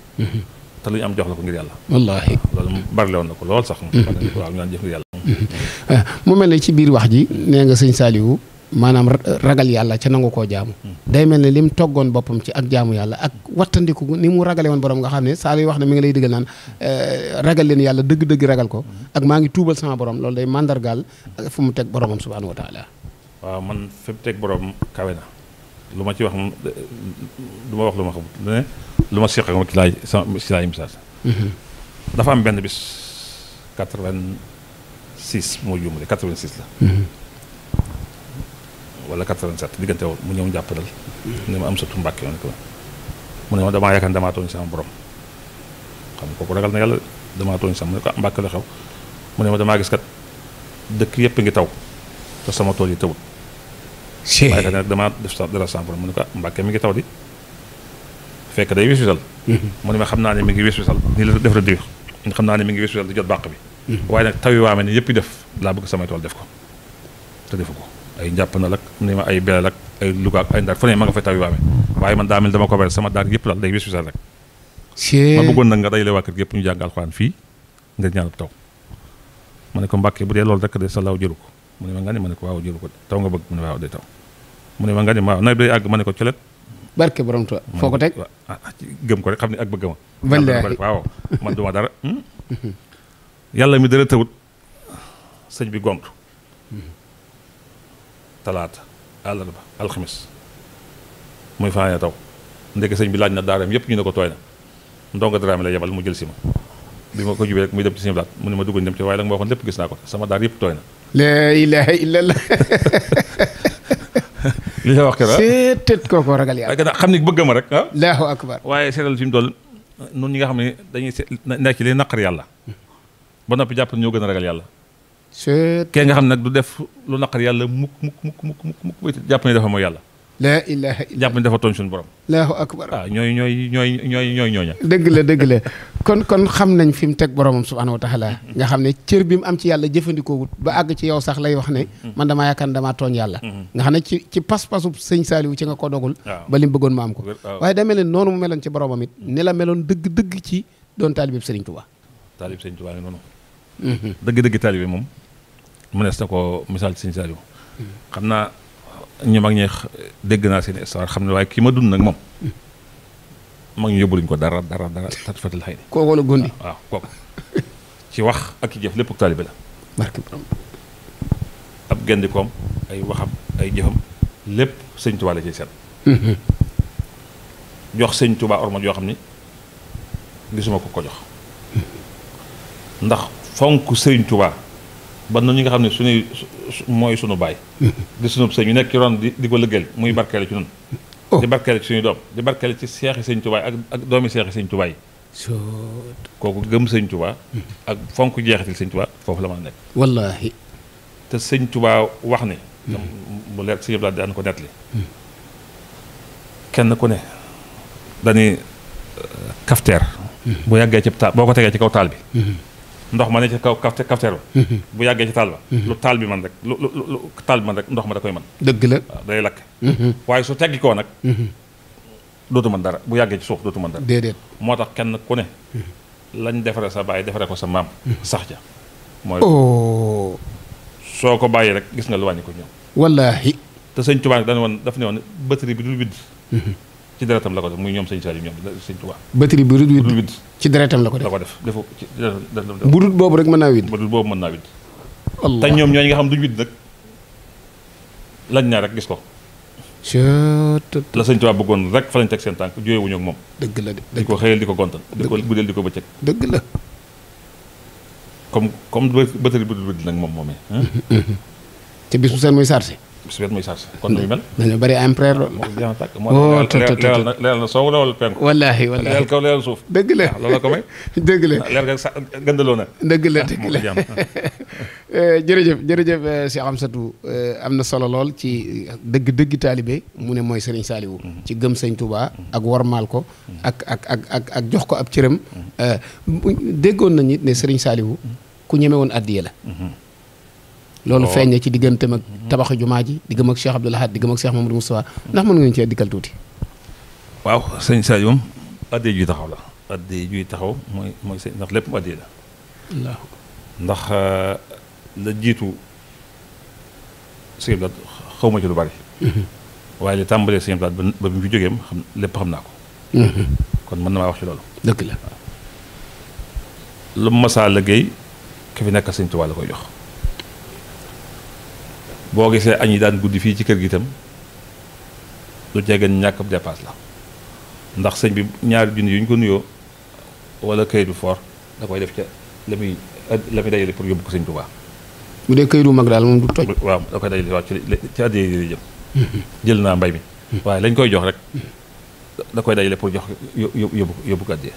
te lu ñu am jox la ko ngir yàlla. wallaahi loolu mu bari woon na ko lool sax. Mm-hmm. waaw ñu naan mm-hmm. eh, mu mel ne ci biir wax ji nee nga sëñ Saliou maanaam ragal yàlla ca nangu koo jaamu. Mm-hmm. day mel ne lim toggoon boppam ci ak jaamu yàlla ak wattandiku ni mu ragale woon borom nga xam ne Saliou wax ne mi ngi lay digal naan eh, ragal leen yàlla dëgg-dëgg ragal ko ak maa ngi tuubal sama borom loolu day mandargaal eh, fu mu teg boromam subhaanahu wa taala. waaw man fi mu teg boroom kawe lu ma ci wax lu ma seqal moom ci laay ci laay misaal mhm. dafa am benn bis 86 moo juumale 86 la. Mhm. wala 87 diggante woon mu ñëw jàppandal. ni ma am sa tumbàkk yoon ko mu ne ma damaa yaakaar damaa tooñ sama borom xam kooku ragal na yàlla damaa tooñ sama ko ah, mbàkk mu ne ma damaa gis yëpp ngi taw te sama tool yi tawut. waaye kat nag damaa def mu ne ko ah, mi ngi taw di. fekk day wis wisal mm-hmm. mu ne ma xam naa ne mi ngi wis wisal nii la def la diir xam naa ne mi ngi yi mm-hmm. waame ne laa bëgg samay tool ko te defu ko ay njàpp na lak mu ne ma ay belal ak ay Louga ak ay ndaar ma nga fay taw yi waame man daa mel dama ko bare sama daal yëpp daal day wis wisal rek ma bëggoon nag nga day la waa kër gi yëpp ñu jàng alxuraan fii nga ñaan taw ma ne ko mbàkke bu dee loolu rek sa law jëlu ko mu ne ma nga ne ma ne ko waaw jëlu ko taw nga bëgg mu ne waaw day taw mu ne ma nga ne waaw nawet day àgg ma ne ko colet barke borom Tuubaa foo ko teg gëm ko rek xam ne ak bëgg ma man duma dara hmm? yàlla mi dara tawut sëñ bi gont talaata àllarba alxamis muy fanaane taw ndeke sëñ bi laaj na daaram yëpp ñu ne ko tooy na ndongo daraame la yebal mu jël si ma bi ma ko jubee rek muy dem ci sëñ Abdou Lahad mu ne ma dugg dem ci waaye nag ma waxoon lépp gis naa ko sama daar yëpp tooy na la ilaha illallah li nga wax keroog seetet kooku ragal yàlla. xam ni bëgg ma rek ah. allahu akbar waaye seetal fi mu toll noonu ñi nga xam ne dañuy nekk ci li naqar yàlla ba noppi jàpp ñoo gën a ragal yàlla. seet nga xam nag du def lu naqar yàlla mukk mukk mukk mukk mukk jàpp na dafa mooy yàlla. laa ilaha illa jàpp ne dafa tooñ suñu borom allahu akbar waaw ah, ñooy ñooy ñooy ñooy ñooy ñooña dëgg la dëgg la kon kon xam nañ fi mu teg boromam subhaanahu wa taala nga xam ne cër bi mu am ci yàlla jëfandikoo wut ba àgg ci yow sax lay wax ne mm-hmm. man damaa yaakaar ne damaa tooñ yàlla mm-hmm. nga xam ne ci ci pas-pasu sëñ Saaliwu ci nga ko dogul ba li mu bëggoon ma am ko waaye da mel ne noonu mu meloon ci boromam it mm-hmm. ni la meloon dëgg-dëgg ci doon taalibib sëriñ Tuubaa taalib ko misaal ci sëñ Saaliwu xam ñu mag ñi dégg naa seen histoire xam ne waaye kii ma dund nag moom mag ñu yóbbu luñ ko dara dara dara tatfatil xëy ni kooku la gondi waaw kooku ci wax ak ci jëf lépp ak taalibe la barke borom ab gendikoom ay waxam ay jëfam lépp sëñ tubaa la ciy seet mm-hmm. jox sëñ tubaa orma yoo xam ni gisuma ko ko jox mm-hmm. ndax fonk sëñ tubaa ba noonu ñi nga xam ne suñuy mooy sunu baay di sunu sëñ ñu nekk ci ron di di ko lëggal muy barkeele ci nun oh. di barkeele ci suñu doom di barkeele ci seexi sëñ Tuubaa ak ak doomi seexi sëñ Tuubaa yi kooku gëm sëñ Tuubaa ak fonk jeexital sëñ Tuubaa foofu la mën a nekk wallaahi te sëñ tubaa wax ni hmm. mu leer sëñ Abdoulaye daan ko nettali hmm. kenn ku ne dañuy euh, kafteer hmm. bu yàggee ci taal boo ko tegee ci kaw taal bi ndox ma ne ca kaw kafteer ba mhm. bu yàggee ci taal ba mhm. lu taal bi man rek lu lu lu taal bi man rek ndox ma da koy man dëgg la waaw lakk mhm. waaye su teggi koo nag dootu man dara bu yàggee ci suuf dootu man dara déedéet moo tax kenn ku ne lañ defaree sa bàyyi defaree ko sa maam sax ja mooy oh. soo ko bàyyi rek gis nga lu wàññi ko ñëw wallaahi te sëñ Tuubaa dana woon daf ne woon batterie bi du widd ci deretam la ko def muy ñoom sëñ Saliou ñoom sëñ Touba batterie bi rut wit ci deretam la ko def la ko def defu ci bu dut boobu rek mën naa wit bu dut boobu mën naa wit te ñoom ñooñu nga xam duñ wit nag lañ naa rek gis ko la sëñ Touba bëggoon rek fa lañ teg seen tànk jóoye ak moom dëgg la de di ko xëyal di ko gontal di ko guddeel di ko bëccëg dëgg la comme comme batterie bu dut wit nag moom moomee te bis bu seen muy si bis bet muy chargé kon nu muy mel dañoo bëri empereur lool moo leeral na leeral na soow leeral penku wallaahi wallaahi leeral kaw leeral suuf dëgg la ah, loolu ko la ah, leer ga gëndaloo na dëgg la ah, dëgg eh, jërëjëf jërëjëf eh, Cheikh Amsatou eh, am na solo lool ci dëgg dëgg taalibe mu ne mooy Serigne Saliou mm-hmm. ci gëm Serigne Touba ak warmaal ko mm-hmm. ak ak ak jox ko ab cëram mm-hmm. déggoon nañu ne Serigne saaliwu ku ñeme woon addiye la loolu oh. feeñ na ci digganteem ak tabaxu jumaa ji diggam ak Cheikh Abdoul Ahad diggam ak Cheikh Mamadou Moustapha ndax mën ngeen cee dikkal tuuti waaw sëñ Sadio moom addee juy taxaw la addee taxaw mooy mooy sëñ ndax lépp addee la ndax euh, la jiitu sëñ Abdoul ma ci lu bari mhm. waaye li tàmbalee sëñ Abdoul ba bi mu fi xam lépp xam naa ko mhm. kon mën na maa wax ci loolu dëgg la lu masaa liggéey ki fi nekk sëñ Tuubaa la koy jox boo gisee añ yi daan guddi fii ci kër gi itam lu jege ñàkk ab la ndax sëñ bi ñaari junni yu ñu ko nuyoo wala këyitu for da koy def ca la muy la muy dajale pour yóbbu ko sëñ Tuubaa bu dee këyitu mag daal moom du toj. waaw da koy dajale mm-hmm. jël naa mbay mi. Mm-hmm. waaye lañ koy jox rek mm-hmm. da koy dajale pour jox yóbbu yóbbu ko addiya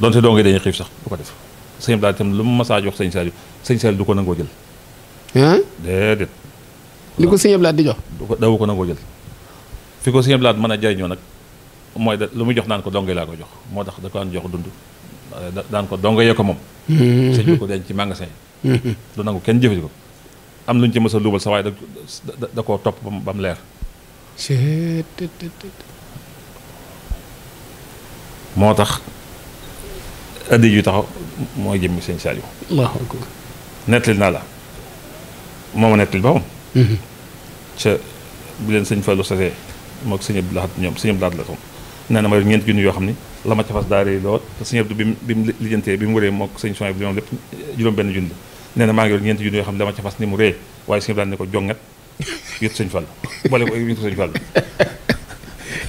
donte doo ngi dañuy xiif sax du ko def sëñ bi daal itam lu mu masaa jox sëñ Saliou sëñ Saliou du ko nangoo jël. déedéet. li ko sëñ Ablaat di jox. du ko dawu ko nangoo jël. fi ko sëñ Ablaat mën a jariñoo nag mooy de lu mu jox naan ko donge laa ko jox moo tax da ko daan jox dund daan ko donge yee ko moom. Mm-hmm. sëñ mm-hmm. kenn jëfandikoo ko. am lu ñu luubal sa waaye da da koo topp ba mu leer. moo tax addi yu taxaw mooy jëmmi sëñ Saliou. nettali naa la. moo ma nettali boppam. Mhm. ca bi leen sëñ Fallou sasee moog sëñ Abdou Lahad ñoom sëñ Abdou Lahad la ko nee na ma yor ñeenti junni yoo xam ni la ma ca fas daa rëy lool te sëñ Abdou bi mu bi mu lijjantee bi mu wëree moog sëñ Sonia bi moom lépp juróom-benn junni nee na maa ngi yor ñeenti junni yoo xam ne la ma ca fas ni mu rëy waaye sëñ Abdou Lahad ne ko jongat yëpp sëñ Fallou boole ko yëpp sëñ Fallou.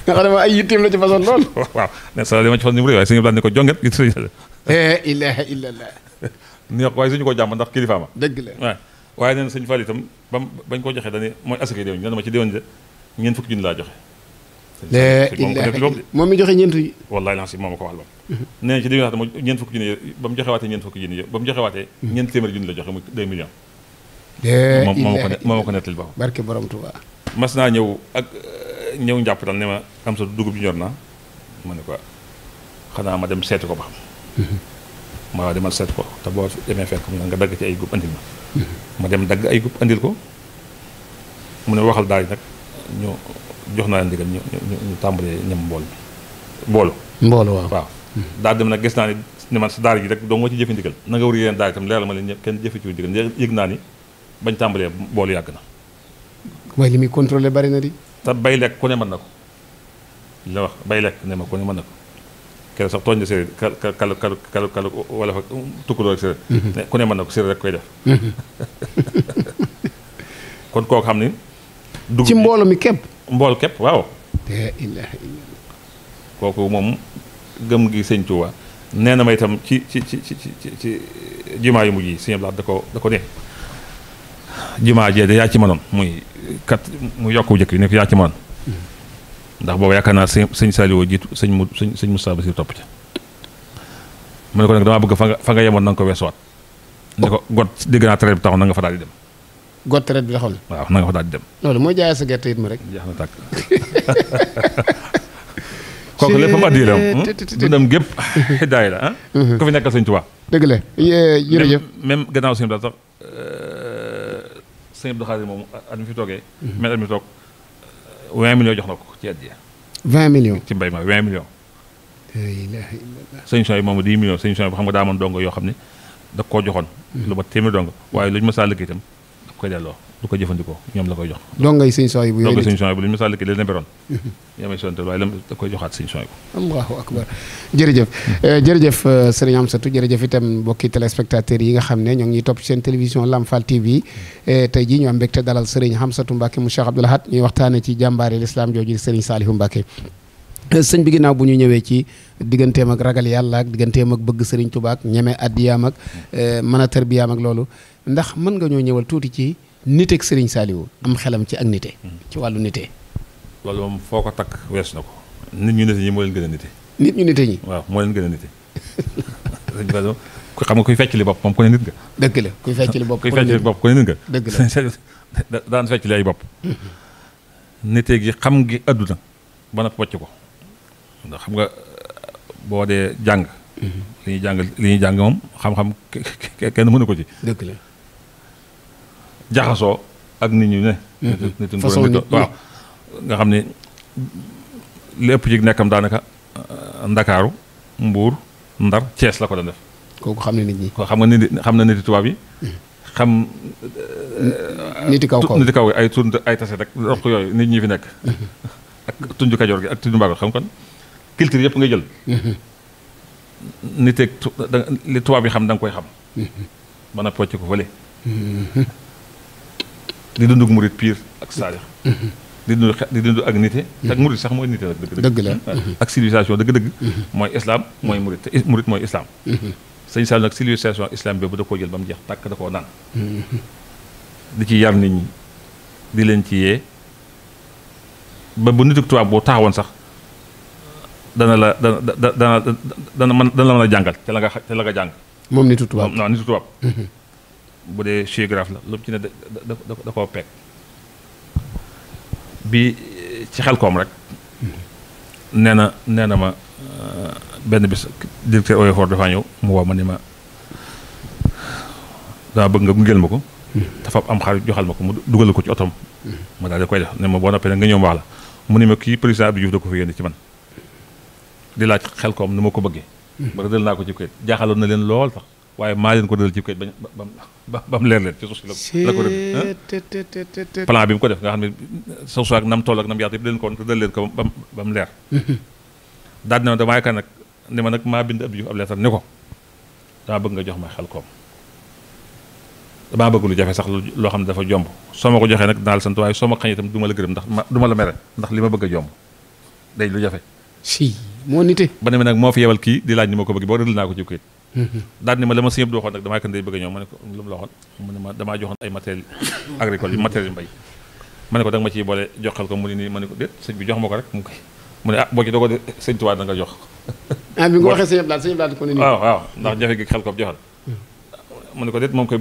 nga xam ne ma ay yittim la ci façon lool. waaw ne sa li ma ci fas ni mu rëy waaye sëñ Abdou Lahad ne ko jongat yëpp sëñ Fallou. ilaha illallah. neex waaye suñu ko jàmm ndax kilifaama. dëgg la waaw waaye neen sëñ Fall itam bam bañ koo joxee dane mooy asakay déwén dana ma ci déwén de ñeent fukki junni laa joxe moom mi joxe ñeent yi wallaay moom ma ko wax bam mhm. nee ci déwén moo ñeent fukki junni ba mu joxe waatee ñeent fukki junni ba mu joxe waatee mhm. ñeent téeméeri junni la joxe muy 2 millions moom ma ko nettali boppam barke borom Tuuba mas naa ñëw ak euh, ñëw njàpp daal ne ma am sa dugub ji ñor na ma ne ko xanaa ma dem seeti ko ba xam mhm. ma demal seet ko te boo demee fekk mu nga dagg ci ay gub andil ma ma dem dagg ay gub andil ko mu ne waxal daal yi nag ñu jox naa ndigal ñu ñu ñu tàmbalee ñam mbool mi mboolu. mboolu waaw waaw. daal dem nag gis naa ni ne man sa daal yi rek doo moo ci jëfe ndigal na nga wër yeneen daal itam leeral ma leen kenn jëfe ci ndigal yëg naa ni bañ tàmbalee mboolu yàgg na. waaye li muy contrôlé bari na di. te bay lekk ku ne man na ko li wax bay lekk ne ma ku ne na ko. kenn sax tooñ na séeréer ka kal kal kal kal wala fa tukkuloo ak séeréer mhm. ku ne mën na ko séeréer rek koy def mhm. kon koo xam ni dugg ci mboolu mi képp mbool képp waaw kooku moom gëm gi sëñ Tuuba nee na ma itam ci ci ci ci ci jumaa yu mujj yi sëñ Abdou Lahad da ko da ko ne jumaa jee de yaa ci manoon muy kat mu yokku jëkk bi ne ko yaa ci manoon ndax boobu yaakaar naa sëñ sëñ Saliou jiitu sañ mu sëñ sëñ Moustapha Bassir topp ca mu ne ko nag damaa bëgg fa nga fa nga yemoon na nga ko weesuwaat ne ko got dégg naa traite bi taxoon na nga fa daal di dem. got traite bi taxoon. waaw na nga fa daal di dem. loolu mooy jaayee sa gerte it ma rek. jeex na tàkk kooku lépp am addi hmm? la dem gépp daay la ah. ku fi nekkal sëñ Tuubaa. dëgg la jërëjëf. même gannaaw sëñ bi daal sax euh, sëñ Abdou moom at mi fi toogee. Mm-hmm. mel at mi toog. 20 millions jox na ko ci addiya. 20 millions ci mbay ma 20 millions. sëñ Soy moom 10 millions sëñ Soy xam nga daa amoon dongo yoo xam ne da koo joxoon. Mm-hmm. lu ma téeméer dongo waaye lu ñu ma saa liggéey itam da koy delloo. du ko jëfandikoo ñoom la koy jox. dongay sëñ sooy bu yooyu dongay sëñ sooy bu li ñu misaal ki li leen beroon. yaa may sonal waaye da sëñ sooy bu. jërëjëf eh, jërëjëf eh, sëriñ Amsatou jërëjëf itam yi nga xam ne ñoo ngi ñuy topp seen télévision Lamfal TV eh, tey jii ñoo am mbégte dalal sëriñ Amsatou Mbacke mu Cheikh Abdoul Ahad ñuy waxtaane ci jàmbaari lislaam jooju sëriñ Saliou Mbacke sëñ bi ginnaaw bu ñu ñëwee ci digganteem ak ragal yàlla ak digganteem ak bëgg sëriñ Tuubaa ak ñeme addiyaam ak a tarbiyaam ak loolu ndax mën nga ñoo ñëwal tuuti niteeg sëriñ Saliou am xelam ci ak nite. Hmm. ci wàllu nite. loolu moom foo ko takk wees na ko. nit ñu nite ñi moo leen gën a nite. nit ñu nite ñi. waaw moo leen gën a nite. ku xam nga kuy fecc li bopp moom ko ne nit nga. dëgg la kuy fecc li bopp kuy fecc li bopp ku ne nit daan fecc li ay bopp. nite gi xam gi àdduna ba nag ko ndax xam nga boo dee jàng. Hmm. li ñuy jàng li ñuy jàng moom xam-xam kenn mënu ko ci. dëgg la. jaxasoo ak nit ñu ne. Mhm. nit ñu xam ne lépp ci nekkam daanaka euh, ndakaaru mbuur ndar cees la ko doon def. kooku xam ne nit ñi. ko xam nga nit xam na nit tubaab yi. Mhm. xam. niti kaw euh, kaw niti kaw ay tur ay tase rek roq mhm. yooyu nit ñi fi nekk. ak tunju kajoor gi ak tunju mbaagoor xam kon culture yëpp nga jël. niteeg tubaab yi xam da koy xam. ba na pocc ko fële. di dund ak murit pire ak saalix mhm. di dund di dund ak nite mhm. ak murit sax mooy nite nag dëgg la mhm. ak civilisation dëgg-dëgg mooy islam mooy murit te murit mooy islam sëñ Saliou nag civilisation islam bi bu da koo jël ba mu jeex tàkk da koo naan di ci yar nit ñi di leen ci yee ba bu nituk tubaab boo taxawoon sax dana la dana dana dana mën dana a jàngal te la nga te la nga jàng moom nitu tubaab non nitu tubaab bu dee géographe la loolu ci ne da da da koo pekk bi ci xel koom rek nee na nee na ma euh, benn bis directeur OFOR dafaa ñëw mu woo ma ni ma dama bëgg nga gungeel ma ko. dafa am xarit joxal ma ko mu dugal ko ci otom ma daal di koy def ne ma boo noppee nag nga ñëw wax la mu ni ma kii président Abdou Diouf da ko fa yónni ci man di laaj xel koom ni ma ko bëggee. ba dal naa ko ci kayit jaaxaloon na leen lool sax. waaye maa leen ko dal ci kayit bañ ba ba mu leer leen ci suuf si la ko rëdd plan bi mu ko def nga xam ne soo si ak nam tool ak nam yaatu yëpp leen ko leen ko ba ba mu leer daal dina damaa nag ne ma nag maa bind ab Diouf ab leetar ni ko damaa bëgg nga jox ma xel koom damaa bëgg lu jafe sax loo xam ne dafa jomb soo ma ko joxee nag dinaa la sant waaye soo ma xañ itam du ma la gërëm ndax du ma la mere ndax li ma bëgg a jomb day lu jafe si moo nite ba ne ma nag moo fi yebal kii di laaj ni ma ko bëgg naa ko ci daal ni ma la ma sëñ bi waxoon nag damaa kan day bëgg a ñëw ma ne ko lu mu la waxoon mu ne ma damaa joxoon ay matériel agricole yi matériel ma ne ko danga ma ciy boole joxal ko mu ne ma ne ko déet bi jox ma ko rek mu koy mu ne ah boo ci dogo de sëñ Tuubaa da nga jox ah bi nga waxee sëñ Abdou sëñ Abdou ko ne nii waaw waaw ndax jafe gi xel ko joxal mu ne ko déet moom koy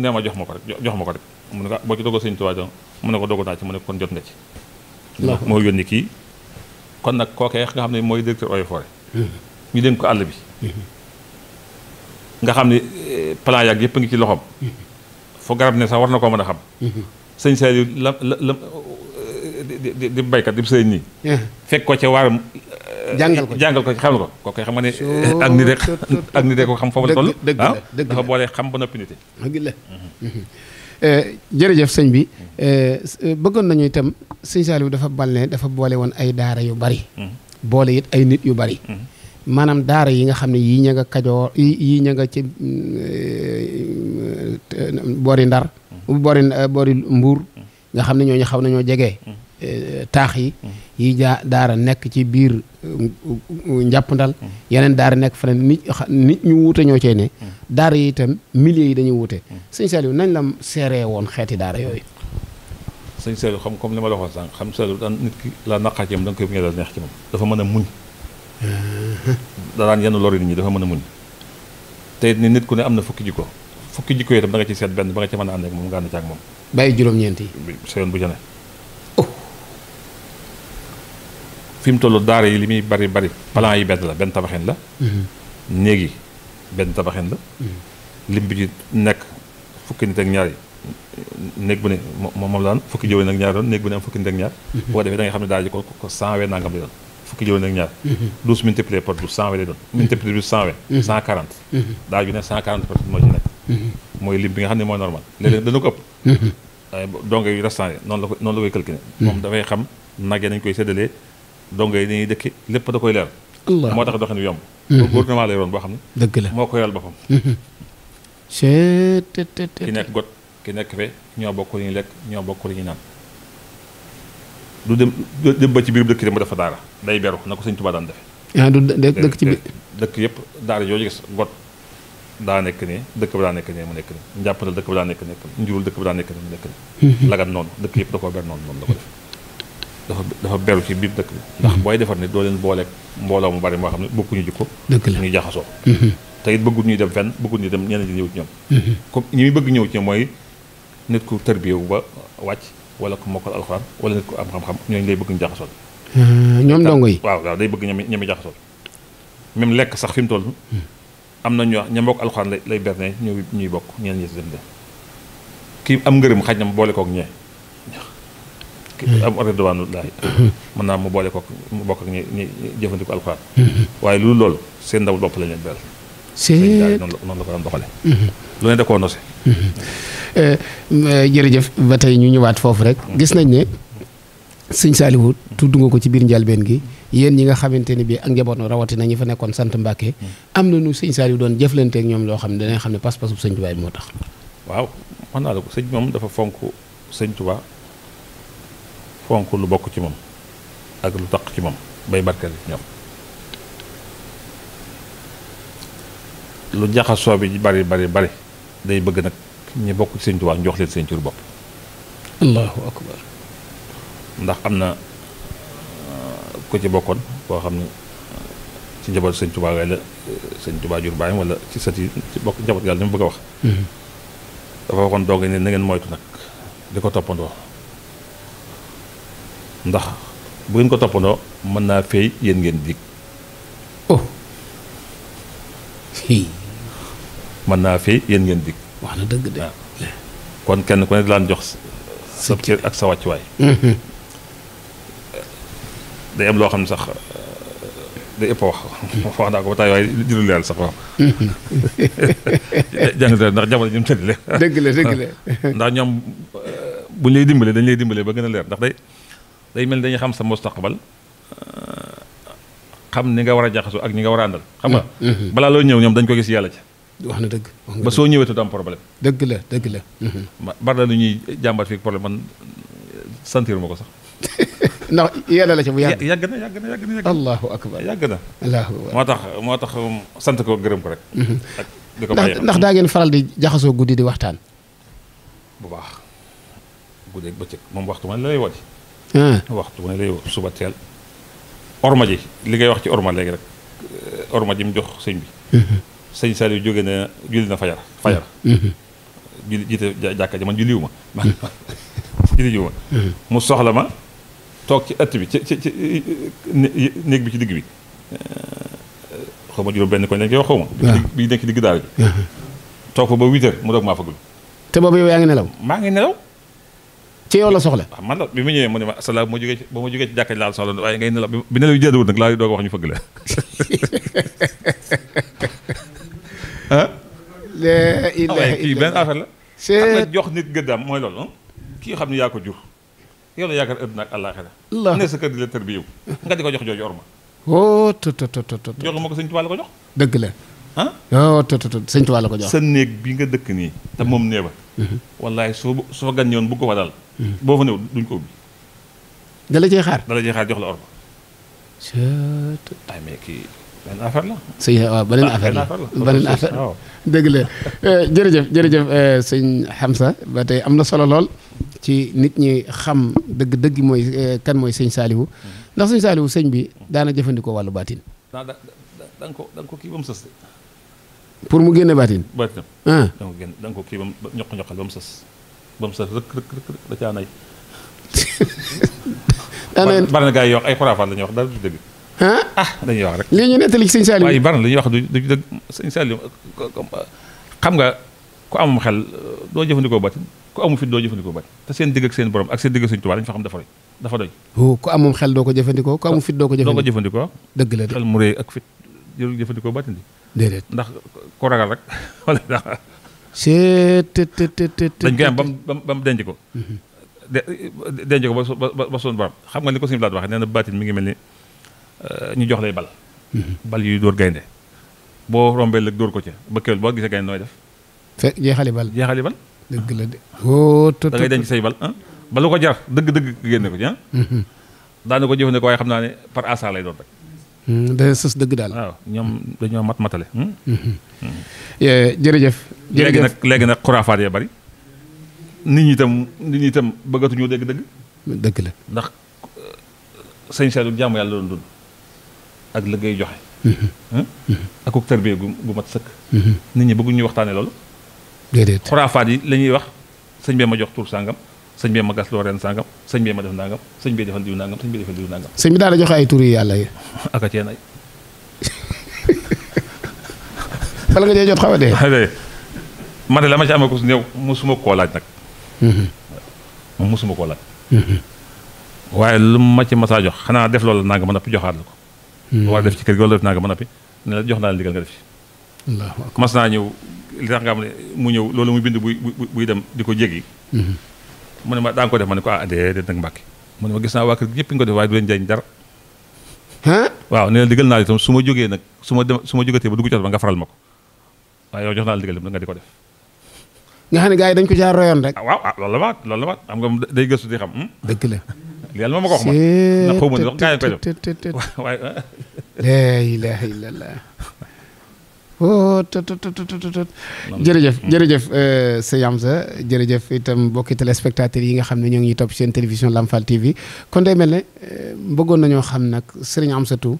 nee ma jox ma ko rek jox ma ko rek mu ne ko ah boo ci dogo sëñ Tuubaa da mu ne ko dogo naa ci mu ne ko kon jot nga ci moo yónni kii kon nag kookee nga xam ne mooy directeur Eaux et Forêts hmm. ñu dénk ko àll bi hmm. nga xam ne eh, plan yàgg yëpp a ngi ci loxoom foo garab ne sax war na koo mën a xam sëñ Saliou la la la baykat eh, di sëñ nii eh. ko ca waaram jàngal ko jàngal ko xam ko kooku xam ne ak ni rek ak xam fa mu toll waaw ah? dafa boole xam ba noppi nit yi mhm. Mhm. jërëjëf sëñ bi bëggoon nañu itam sëñ Saliou dafa bal ne dafa boole woon ay daara yu bari mhm. boole it ay nit yu bari maanaam daara yi nga xam ne yii ña nga kajoor yii ña nga ci mm, eh, boori ndar mm. boori eh, boori mbuur mm. nga xam ne ñooñu xaw nañoo jege. Eh, taax yi yi jaa daara nekk ci biir njàppandal yeneen daara nekk feneen nit ñu wuute ñoo cey ne daara yi itam milliers yi dañuy wute sëñ Saliou nañ la seeree woon xeeti daara yooyu sëñ Saliou xam la waxoon sànq xam Saliou daan nit ki la naqar ci moom da nga bu ñe la neex ci moom dafa mën a muñ danaan yenn lor yi dafa mën a muñ te it nit ku ne am na fukki jikko fukki jikko yi tam da ci seet benn ba nga ci mën a ànd moom nga ànd ak moom. bàyyi juróom-ñeent yi. sa yoon bu jëne. Oh. fi mu toll daara yi li muy bari bari plan yi benn la benn tabaxin la. Mm-hmm. néeg yi benn tabaxin la. Mm-hmm. lim bi ci nekk fukki nit ak ñaar yi néeg bu ne moom moom la daan fukki jëwee nag ñaar doon néeg bu ne am fukki nit ak ñaar. Mm-hmm. boo defee da xam ne daal di ko ko cent wee nangam fukki jëwén ak ñaar douze multiplié par douze cent vingt lay doon multiplié douze cent vingt cent quarante daa ne cent quarante personnes moo ci nekk mooy lim bi nga xam ne mooy normal léeg-léeg ko ëpp dongo yi restaurant noonu la ko noonu la koy calculer moom dafay xam nagee nañ koy séddalee dongo yi dañuy dëkk lépp da koy leer moo tax doxin bi yomb gouvernement roon boo xam ne dëkk la moo ko yoral boppam ki nekk got ki nekk fe ñoo bokk li ñuy lekk ñoo bokk li ñuy naan du dem dem ba ci biir dëkk mu dafa daara day beru na ko sëñ Tuubaa daan defe ah, du dëkk ci dëkk yëpp daara yooyu gis got daa nekk ne dëkk ba daa nekk ne mu nekk ne njàppandal dëkk ba daa nekk nekk njurul dëkk ba daa nekk ne mu nekk ne mhm. lagat noonu dëkk yëpp da koo ber noonu noonu la ko def dafa dafa beru ci biir dëkk bi mhm. ndax booy defar ne doo leen booleeg mbooloo mu bari moo xam ne bokkuñu jikko ñu jaxasoo mhm. te it bëggut ñuy dem fenn bëggut ñu dem ñeneen ñi ñëw ci ñoom comme ñu muy bëgg ñëw ci ñoom mooy nit ku tërbiyewu ba wàcc wala ku mokkal alxuraan wala nit ku am xam-xam ñooñu lay bëgg ñu jaxasool hmm, ñoom dongo yi waaw waaw day bëgg ñami ñami jaxasool même lekk sax fi mu hmm. am na ñu ña mbokk alxuraan lay lay berne ñu ñuy bokk ñeen ñi si dem kii am ngërëm xaj na mu boole kook ñee hmm. am redwanu laay mën naa mu boole kook mu bokk ak ñi ñi waaye loolu loolu seen ndaw bopp lañ leen sëñ daal noonu la ko doon doxale lu ne da koo nose jërëjëf ba tey ñu ñëwaat foofu rek mm. gis nañ ne sëñ Saliou tudd nga ko ci biir njalbeen gi yéen ñi nga xamante ni bii ak njaboot rawatina ñi fa nekkoon sant Mbàkke mm. am na nu sëñ Saliou doon jëflanteek ñoom loo xam ne danañ xam ne pas-pasu sëñ moo tax waaw man naa la sëñ moom dafa fonk sëñ Tuubaa lu bokk ci moom ak lu taq ci moom bay barkeel ñoom lu jaxasoo bi bari bari bari day bëgg nag ñu bokk ci sëñ Tuubaa ñu jox leen seen cër bopp. allahu akbar ndax am na uh, ko ci bokkoon koo xam ne uh, ci njaboot sëñ uh, Tuubaa jur baay wala ci sët yi ci bokk njaboot yàlla li mu bëgg a wax. Mm-hmm. dafa waxoon doog ne ngeen moytu nag di ko toppandoo ndax bu ngeen ko toppandoo mën naa feey yéen ngeen dig. oh. mën naa fay yéen ngeen dikk. wax na dëgg de ah. kon kenn ku ne di laan jox sa cër ak sa wàccuwaay. Mm-hmm. day am loo xam ne sax euh, day ëpp wax wax naa ko ba taay waaye jëlul yàlla sax waaw. Mm-hmm. jàngate ndax jamono ñu tëdd la. dëgg dëgg la. ndax ñoom euh, bu ñu lay dimbalee dañu lay dimbalee ba gën a leer ndax day mel ni dañuy xam sa mustaqbal euh, xam ni nga war a jaxasoo ak ñi nga war a àndal. xam nga mm-hmm. balaa loo ñëw ñoom dañ ko gis yàlla ci. wax na dëgg. ba soo ñëwee du am problème. dëgg la dëgg la. ma mm-hmm. bari na lu ñuy jàmbat fii problème man sentir ma ko sax. ndax yàlla la ci bu yàgg. yàgg na yàgg na yàgg na. yàgg na. moo tax moo tax sant ko gërëm ko rek. Mm-hmm. ak di ko bàyyi ndax daa ngeen faral di jaxasoo guddi di waxtaan. bu baax guddeeg bëccëg moom waxtu ma ne lay woote. Ah. waxtu ma ne lay woote suba teel. orma ji li ngay wax ci orma léegi rek euh, orma ji mu jox sëñ bi. Mm-hmm. sëñ Saliou jóge na julli na fajar fajar mm-hmm. Mm-hmm. julli jiite jàkka ji man julliwu ma mm-hmm. julliwu mu soxla ma toog ci ëtt bi ci néeg bi ci digg bi xaw ma juróom benn koñ lañ koy wax xaw ma ah. bi nekk ci digg daal bi toog fa ba huit mu doog maa fagul te boobu yow yaa ngi nelaw maa ngi nelaw ci yow la soxla waaw ah, man la bi mu ñëwee mu ne ma asalaam bu ma jógee ba ma ci jàkka ji laal soxla waaye ngay nelaw bi nelaw yu jëlawut nag laa doog wax ñu fëgg la ah. kii benn affaire la. c'est jox nit gëddaam mooy loolu kii xam ne yaa ko jur. yow la yaakaar ëpp nag àllaaxira. allah ne sa kër di la bi yow. nga di ko jox jooju orma. oh tot tot tot sëñ Tuubaa la dëgg la. ah oh tot tot ko jox. sa néeg bi nga dëkk nii. te moom nee ba. Mhm. wallaay soo soo gan yoon bu ko fa dal. Mhm. boo fa néew duñ ko ubbi. dala cee xaar dala cee xaar jox la orma. benn affaire la. sëñ ah, waaw beneen ah, affaire la beneen affaire la dëgg la euh, jërëjëf jërëjëf euh, sëñ Hamza ba tey am na solo lool ci nit ñi xam dëgg-dëgg mooy euh, kan mooy sëñ Saliou mm-hmm. ndax sëñ Saliou sëñ bi daana jëfandikoo wàllu baatin. da da nga mu sës de. pour mu génne baatin. baatin ah. da nga ko ba mu ñoq rëkk rëkk rëkk da caa nay. na gaa yi ay xuraafaan la ñuy wax dara du dëgg. ah dañuy wax rek lii ñu nettali ci sëñ Saliou ñuy wax du du xam nga ku amum xel euh, doo jëfandikoo batin ku amum fit doo jëfandikoo batin te seen digg ak seen borom ak seen digg ak sëñ Tuubaa dañu fa xam dafa doy xel doo ko jëfandikoo ku amum fit doo ko jëfandikoo dëgg la de xel mu rëy ak fit jëru jëfandikoo batin di ndax ko ragal rek wala da dañ koy ba mu denc ko mhm. denc ko ba ba ba suñu borom xam nga li ko sëñ Blaat waxee nee na batin mi ngi mel ni Euh, ñu jox lay bal. bal yuy dóor gaynde boo rombee lëg dóor ko ca ba kéwél boo gisee gaynde nooy def. fe jeexali bal jeexali bal. dëgg la de woo da ngay denc say bal ah? ba ko jar dëgg-dëgg ko ci ah. Mhm. daanaka ko waaye xam naa ne par asa lay doon rek. Hmm, da sës dëgg daal. ñoom dañoo mat matale. Hmm? Mhm. Eh, jërëjëf. jërëjëf léegi nag léegi nag xuraafaat yee bari. nit ñi itam nit ñi itam dëgg. dëgg la ndax euh, sëñ Saaliw jàmm yàlla doon dund. ak la ngay joxe. ak ak tarbiyee gu gu mat sëkk. Mm-hmm. nit ñi bëgguñ ñu waxtaanee loolu. déedéet xuraafaat yi la ñuy wax sëñ bee ma jox tur sàngam sëñ bee ma gas loo ren sàngam sëñ bee ma def nangam sëñ bee defal diw nangam sëñ bee defal diw nangam. sëñ bi daal di joxe ay tur yi yàlla yi. ak a ceen ay. bala nga jot xaw a dee. man la ma ci amee ko su néew mosuma koo laaj nag. moom mm-hmm. mosuma koo laaj. Mm-hmm. waaye lu ma ci masaa jox xanaa def loolu nangam ma noppi joxaat la ko. Hmm. lu def ci kër gi wala def nanga ba noppi ne la jox naa la ndigal nga def ci mas naa ñëw li tax nga xam ne mu ñëw loolu muy bind buy buy dem di ko jéggi hmm. mu ne ma daa ko def ma ne ko ah déedéet nag ma gis naa waa kër gi ñëpp nga ko def waaye du leen jëriñ dara waaw ne la digal naa itam su ma jógee nag su ma su ma jógatee ba dugg jot ba nga faral ma ko waaye yow jox naa la digal nga di ko def nga xam ne gars yi dañ ko jaar royoon rek ah, waaw ah loolu la waat loolu la waat xam nga day gëstu di xam hmm? dëgg yàlla moom ma ko wax ma. na xaw laa ilaaha illallah. oh tot tot tot jërëjëf mm. jërëjëf euh, sëñ Hamza jërëjëf itam yi nga xam ne ñoo ngi ñuy topp seen télévision Lamfal TV kon day mel ne euh, bëggoon nañoo xam nag sëriñ Hamsatou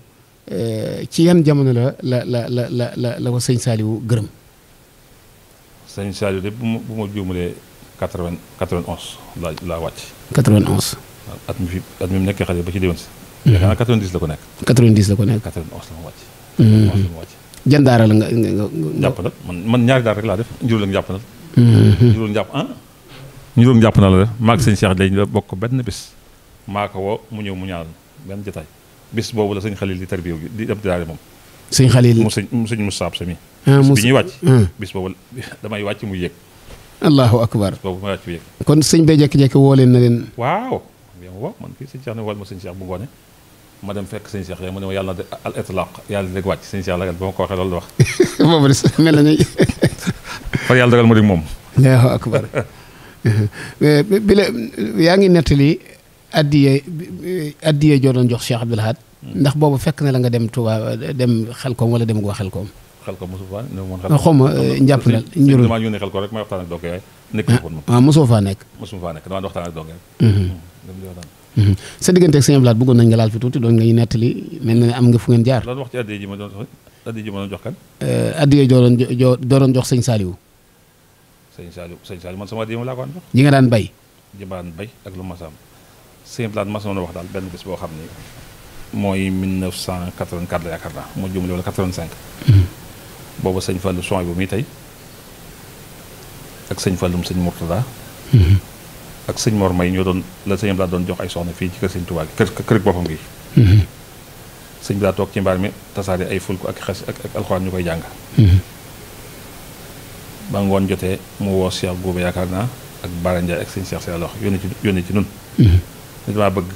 euh, ci yan jamono la la la la la la la ko sëñ Saliou gërëm. sëñ Saliou de bu ma bu quatre onze laa wàcc. at mi fi at mi nekkee xale ba ci déwén si. Mhm. la ko nekk. 90 la ko nekk. 91 mhm. nga jàpp na man ñaari daara rek laa def njuróol ak njàpp njàpp mhm. ah. njuróol njàpp na la def maag sëñ Cheikh dañ la bokk benn bis maa ko woo mu ñëw mu ñaanal benn jotaay bis boobu la sëñ Xalil di tarbiyo gi di dem daara moom. sëñ Xalil mu sëñ mu sëñ Musaab sami. ah bi ñuy wàcc. bis boobu damay wàcc muy yéeg. allahu akbar. boobu damay wàcc muy yéeg. kon sëñ bee jékki-jékki woo leen na leen. ma waaw man kii sëñ Cheikh ne wal ma sëñ Cheikh bu ngoone ma dem fekk sëñ Cheikh ma ne ma yàlla na al itlaq yàlla dégg wàcc sëñ Cheikh lagat ba ma ko waxee loolu la wax boobu de mel nañu yàlla dagal ma dig moom Allahu akbar eh, yaa ngi nettali addiye addiye joo jox Cheikh Abdoul Ahad hmm. ndax boobu fekk na la nga dem Touba dem xelkoom wala dem goo xelkoom xelkoom mosoo faa ne moom xelkoom xaw ma njàpp na njurul damaa yónnee xelkoom rek may waxtaan ak doog yaay nekk nekk ah, mosoo faa nekk damaa Mhm. sa diggante ak sëñ Abdoulaye bëggoon nañ nga laal fi tuuti doon nga ñu nettali mel na ne am nga fu ngeen jaar. lan wax ci addiya ji doon jox kan. Eh, addiya doon jo doon jox sëñ Saliou. sëñ Saliou sëñ Saliou man sama addiya ma laa ko daan jox. ñi nga daan bay. ñi nga daan bay ak lu masam sëñ Abdoulaye mas na wax daal benn bés boo xam ni mooy 1984 la yaakaar naa moo jumale wala 85. boobu sëñ Fallou son bu muy tey ak sëñ Falloum sëñ Mourtada. Mhm. ak sëñ Mor May ñoo doon la sëñ bi laa doon jox ay soxna fii ci kër sëñ Tuubaa kër kër boppam gi. Mhm. sëñ bi laa toog ci mbaar mi tasaare ay fulku ak xas ak ak alxuraan ñu koy jàng. Mhm. ba ngoon jotee mu woo Cheikh Gouba yaakaar naa ak Bara Ndiaye ak sëñ Cheikh Seye loxo yónni ci yónni ci nun mhm. ni damaa bëgg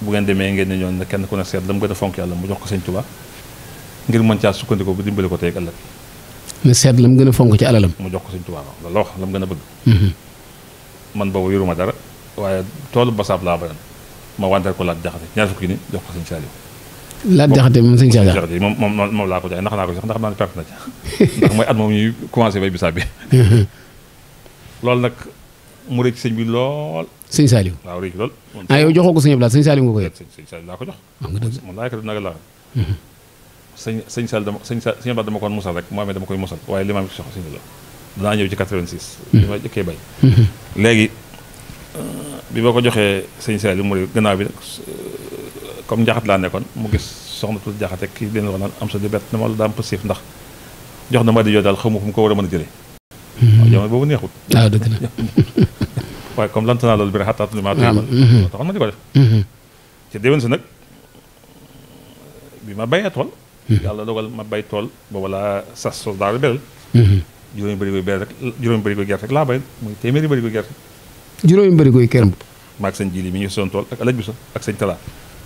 bu ngeen demee ngeen ne ñoon ne kenn ku ne seet la mu gën a fonk yàlla mu jox ko sëñ Tuubaa ngir mën caa sukkandiku bu dimbali ko tey ak ëllëg. ne seet la mu gën a fonk ci alalam. mu jox ko sëñ Tuubaa loolu la wax la mu gën a bëgg. man boobu yoruma dara waaye toolu basaab laa ba bayoon ma wàndeel ko laat jaxate ñaar fukki ni jox ko sëñ Saliou laat jaxate moom sëñ Saliou jaxate moom moom moom laa ko jaay ndax naa ko sax na ci ndax mooy at moom ñuy commencé bay bisaab bi loolu nag mu rëcc sëñ bi lool sëñ Saliou waaw rëcc lool ah yow joxoo ko sëñ Abdou Lahad sëñ Saliou nga ko yëg sëñ Saliou laa ko jox moom laa yëkkati naga laa mhm. sëñ sëñ Saliou dama sëñ Saliou dama ko musal rek moo amee dama koy musal waaye li ma am soxla sëñ la danaa ñëw ci 86. bi mhm. ma jëkkee bay. Mhm. léegi bi ma ko joxee sëñ Saliou mu ne gannaaw bi nag comme njaxat laa nekkoon mu gis soxna tuuti jaxate kii leen wax naan am sa di bett na ma la daam positif ndax ma di yoo daal a mën a jëlee. Mhm. Ah, la. waaye comme lantanaa loolu bi rek xataa tuuti ah, ma di ko nag bi ma bayee tool. yàlla dogal ma bay tool boobu laa sas soldaaru beral. juróomi bërigo benn rek juróomi bërigo gerte rek laa bay muy téeméeri bërigo gerte. juróomi bërigo kermb. maag sëñ jili mi ñu soon tool ak alaj bi sa ak sëñ talaa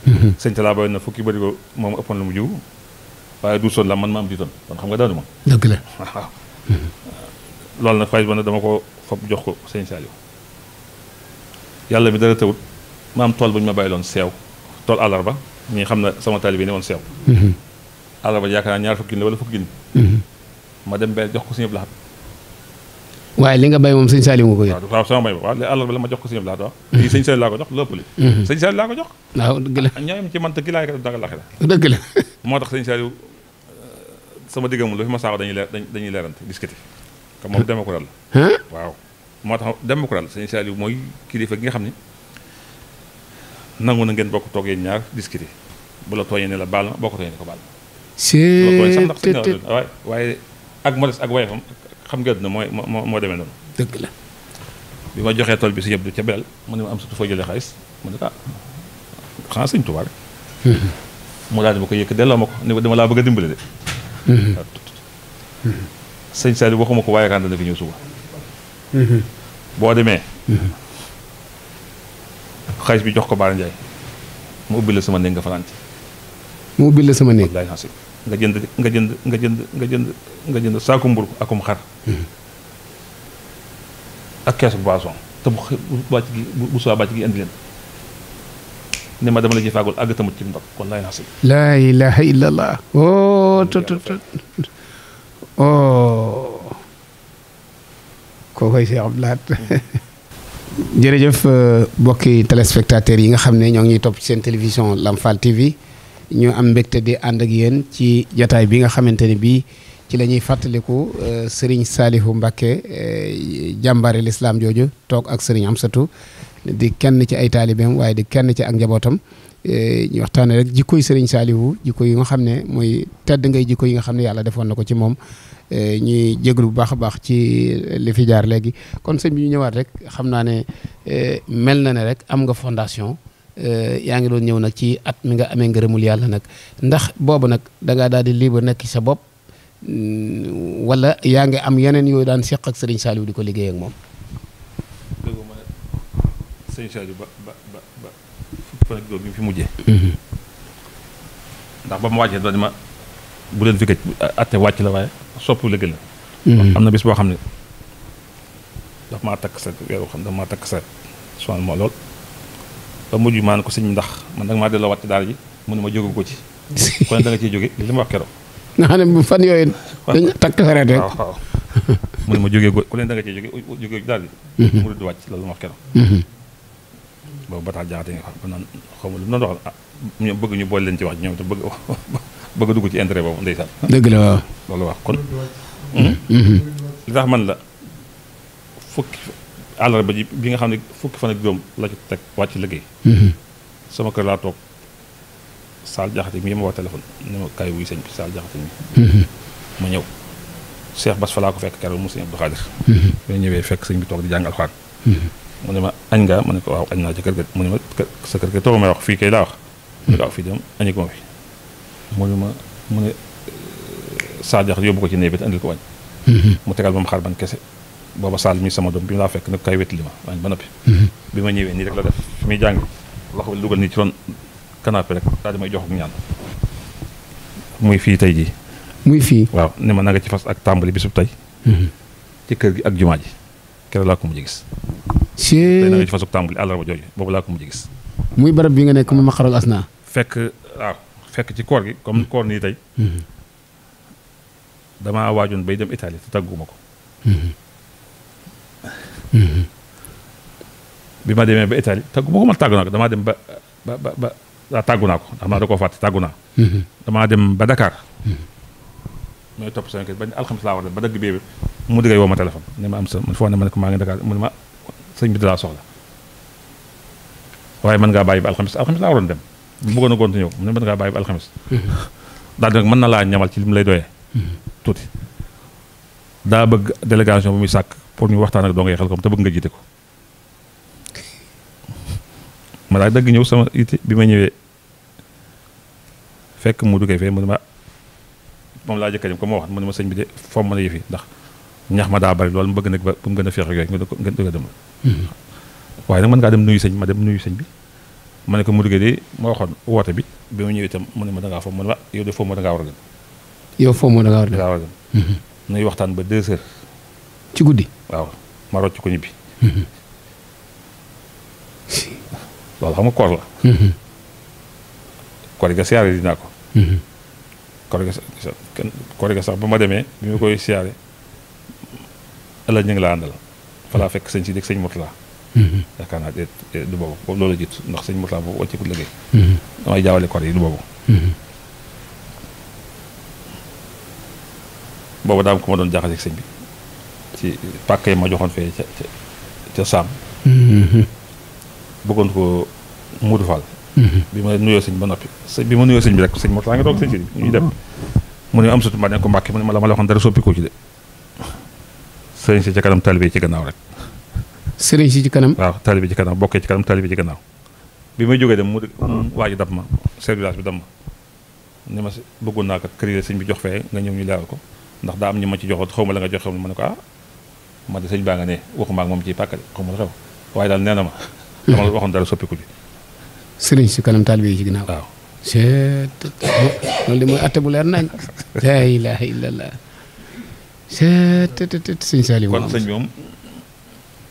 mhm. sëñ talaa bayoon na fukki bërigo moom ëppoon la mu jiw waaye du soon la man ma am diitoon kon xam nga daanu ma dëgg la waaw loolu nag xaalis ba nag dama ko fab jox ko sëñ Saliou yàlla mi dara tawut ma am tool bu ñu ma bàyyi loon seew tool àllarba ñi xam na sama taalibe ne woon seew mhm. àllarba yaakaar naa ñaar fukki junni ma dem benn jox ko sëñ Abdou Lahad waaye li nga bay moom sëñ Saliou nga ko yor waaw sama bi waaw àll la ma jox ko sëñ Abdou Lahad waaw mhm. lii sëñ Saliou laa ko jox lépp li mhm. sëñ Saliou laa ko jox waaw dëgg ah, man te gi laay ko la moo tax sëñ Saliou euh, sama diggam lu fi ma saaw dañuy leer dañuy leerante discuter comme moom dema ko dal waaw moo tax dema ko dal sëñ Saliou mooy kilifa gi nga xam ne nangu na ngeen bokk toog yéen ñaar discuter bu la tooñee ne la baal ma boo ko tooñee ne ko baal ma waaye ak modeste ak wayefam xam nga àdduna mooy moo moo demee noonu. dëgg la. bi ma joxee tool bi si yëpp du ca belal mu ne ma am surtout foo jëlee xaalis mu ne ah xanaa sëñ Tuubaa rek. mu ma ko yëkk delloo ma ko ni dama laa bëgg a dimbale de. sëñ ko waaye rànd na fi ñëw suba. boo demee. xaalis bi jox ko Baara Ndiaye mu ubbi la sama néeg nga fanaan ci. mu ubbi la sama néeg wallaay nga jënd nga jënd nga jënd nga jënd nga jënd saaku mburu akum xar mm-hmm. ak keesu boisson te bu bàcc gi bu suwaa bàcc gi indi ma dama la ci faagul àgg ci ndox kon laa ilaha illa allah o to to jërëjëf euh, mbokki téléspectateurs yi nga xam ne ñoo ngi topp seen télévision Lamfal TV ñu am mbégte di ànd ak yéen ci jataay bi nga xamante ni bii ci la ñuy fàttaliku euh, sëriñ Saalihu Mbàkke euh, jàmbaare lislaam jooju toog ak sëriñ Amsatu di kenn ci ay taalibeem waaye di kenn ci ak njabootam euh, ñu waxtaane rek jikko yi sëriñ jikko yi nga xam ne mooy tedd ngay jikko yi nga xam ne yàlla defoon na ko ci moom ñuy jéglu bu baax a baax ci li fi jaar léegi kon sëñ bi ñu ñëwaat rek xam naa ne mel na ne rek am nga fondation Eh, yaa ngi doon ñëw nag ci at mi nga amee ngërëmul yàlla nag ndax boobu nag da ngaa daal di libre nekk ci sa bopp mm, wala yaa ngi am yeneen yooyu daan seq ak sëriñ Saliou di ko liggéey ak moom. dëgg ma bi mu fi mujjee. Mm-hmm. ndax ba mu wàccee daal ma bu leen fi gëj atte wàcc la waaye soppu liggéey la. Mm-hmm. am na bis boo xam ne daf maa takk sa weeru takk sa soxna ma lool. ba mujj maan ko sëñ ndax man nag maa delloo waat ci daara ji mu ne ma jóge ko ci kon da nga ciy jóge li ma wax keroog nga xam ne fan yooyu dañ takk sareet rek waaw waaw mu ne ma jógee ko ku leen da nga ciy jóge jóge daal di mhm. mu rëdd wàcc loolu ma wax keroog mhm. boobu bataal jaxate nga xam naan xaw ma lu mu doon wax ah ñoom bëgg ñu boole leen ci wax ñoom bëgg bëgg dugg ci intérêt boobu ndeysaan dëgg la waaw loolu wax kon mhm. li tax man la àllarba ji bi nga xam ne fukki fa ak juróom la ci teg wàcc liggéey. Mm-hmm. sama kër laa toog Saal Jaxate mii ma woo téléphone ni ma kaay wuy sëñ bi Saal Jaxate mii. Mm-hmm. ma ñëw Cheikh Bas fa laa ko fekk keroog mu sëñ Abdou Khadir. Mm-hmm. bi toog di jàng mu ne ma añ naa ci kër ga mu ne ma sa wax fii kay daa wax. fii dem añu ko ma mu ne Saal Jaxate yóbbu ko ci néeg bi ko wañ mu tegal ba xaar ban kese. booba Sall mi sama doom bi mu laa fekk nag kay wétali ma waañ ba noppi mhm. bi ma ñëwee nii rek la def fi muy jàng loxo bi dugal nii ci ron canapé rek daal di may jox ak ñaan muy fii tey jii muy fii waaw na ci fas ak tàmbali bisub tey mhm. ci kër gi ak jumaa ji keroog laa ko mu gis tey na nga ci fas ak tàmbali àllarba jooju boobu laa muy barab bi nga nekk mu ma xaral as naa fekk waaw fekk ci koor gi comme mhm. koor nii tey damaa waajoon bay dem Italie te tàgguma ko Mm-hmm. bi ma demee ba Italie tàggu ma ko ma tàggu ko damaa dem ba ba ba ba ah, tàggu naa ko ndax maa da koo fàtte tàggu naa. Mm-hmm. damaa dem ba Dakar. mooy mm-hmm. topp sama kër ba alxames laa war ba dagg bee mu diggay woo ma téléphone ne ma am sa man foo ne ma ne ko maa ngi Dakar mu ne ma sëñ bi dalaa soxla waaye mën ngaa bàyyi ba alxames alxames laa waroon dem mu bëggoon a gont ñëw mu ne mën ngaa bàyyi ba alxames daal di nag mën na laa ñamal ci lim lay doyee tuuti. daa bëgg délégation bu muy sàkk pour ñu waxtaan ak doo ngay xel te bëgg nga jiite ko ma daa ñëw sama ité bi ma ñëwee fekk mu duggee fee mu ne ma moom laa jëkka ñëw ko ma wax mu ne ma sëñ bi de foom mën a ndax ñax ma daa bari loolu mu bëgg nag ba bu mu gën a féex ak yooyu nga dëgg dem hmm. waaye nag mën dem nuyu sëñ ma dem nuyu sëñ ma ne ko mu duggee de ma waxoon woote bi bi ma ñëwee itam mu ne ma dangaa foom mu ne ma yow de foom ma dangaa war a dem yow foom ma dangaa war a dem nuy waxtaan ba deux ci guddi. waaw ma rocc ko ñibbi. Mhm. loolu xam nga koor la. Mhm. koor ga siyaare dinaa ko. Mhm. koor ga sax ba ma demee bi ma koy siyaare ëllëg ñu ngi laa àndal fa laa fekk sëñ si dëkk sëñ Mourtala. yaakaar naa eh, eh, du boobu boobu loolu la jiitu ndax sëñ Mourtala boobu wàcceeku liggéey. damay jaawale koor yi du boobu. booba daam ko ma doon jaxaseeg sëñ bi ci pàkk yi ma joxoon fee ca ca saam mm-hmm. bëggoon ko Modou Fall mm-hmm. bi ma nuyoo sëñ ba noppi sëñ bi ma nuyoo sëñ rek sëñ moo laa ngi toog sëñ si ñuy dem mu ne am sutu ma ne ko mbàkke mu ne ma la ma la dara soppiku ci de sëriñ si ci kanam taalibe ci gannaaw rek sëriñ si ci kanam waaw taalibe ci kanam bokkee ci kanam taalibe ci gannaaw bi may jógee dem mu waa ji daf ma chef bi dab ma ni ma bëggoon naa kat kër sëñ bi jox fee nga ñëw ñu leeral ko ndax daa am ñu ma ci joxoon xaw ma la nga joxe ma ne ko ah ma de sëñ baa nga ne waxuma ak moom ci pàkkale xaw ma la xew waaye daal nee ma. Hmm. dama la waxoon bi moom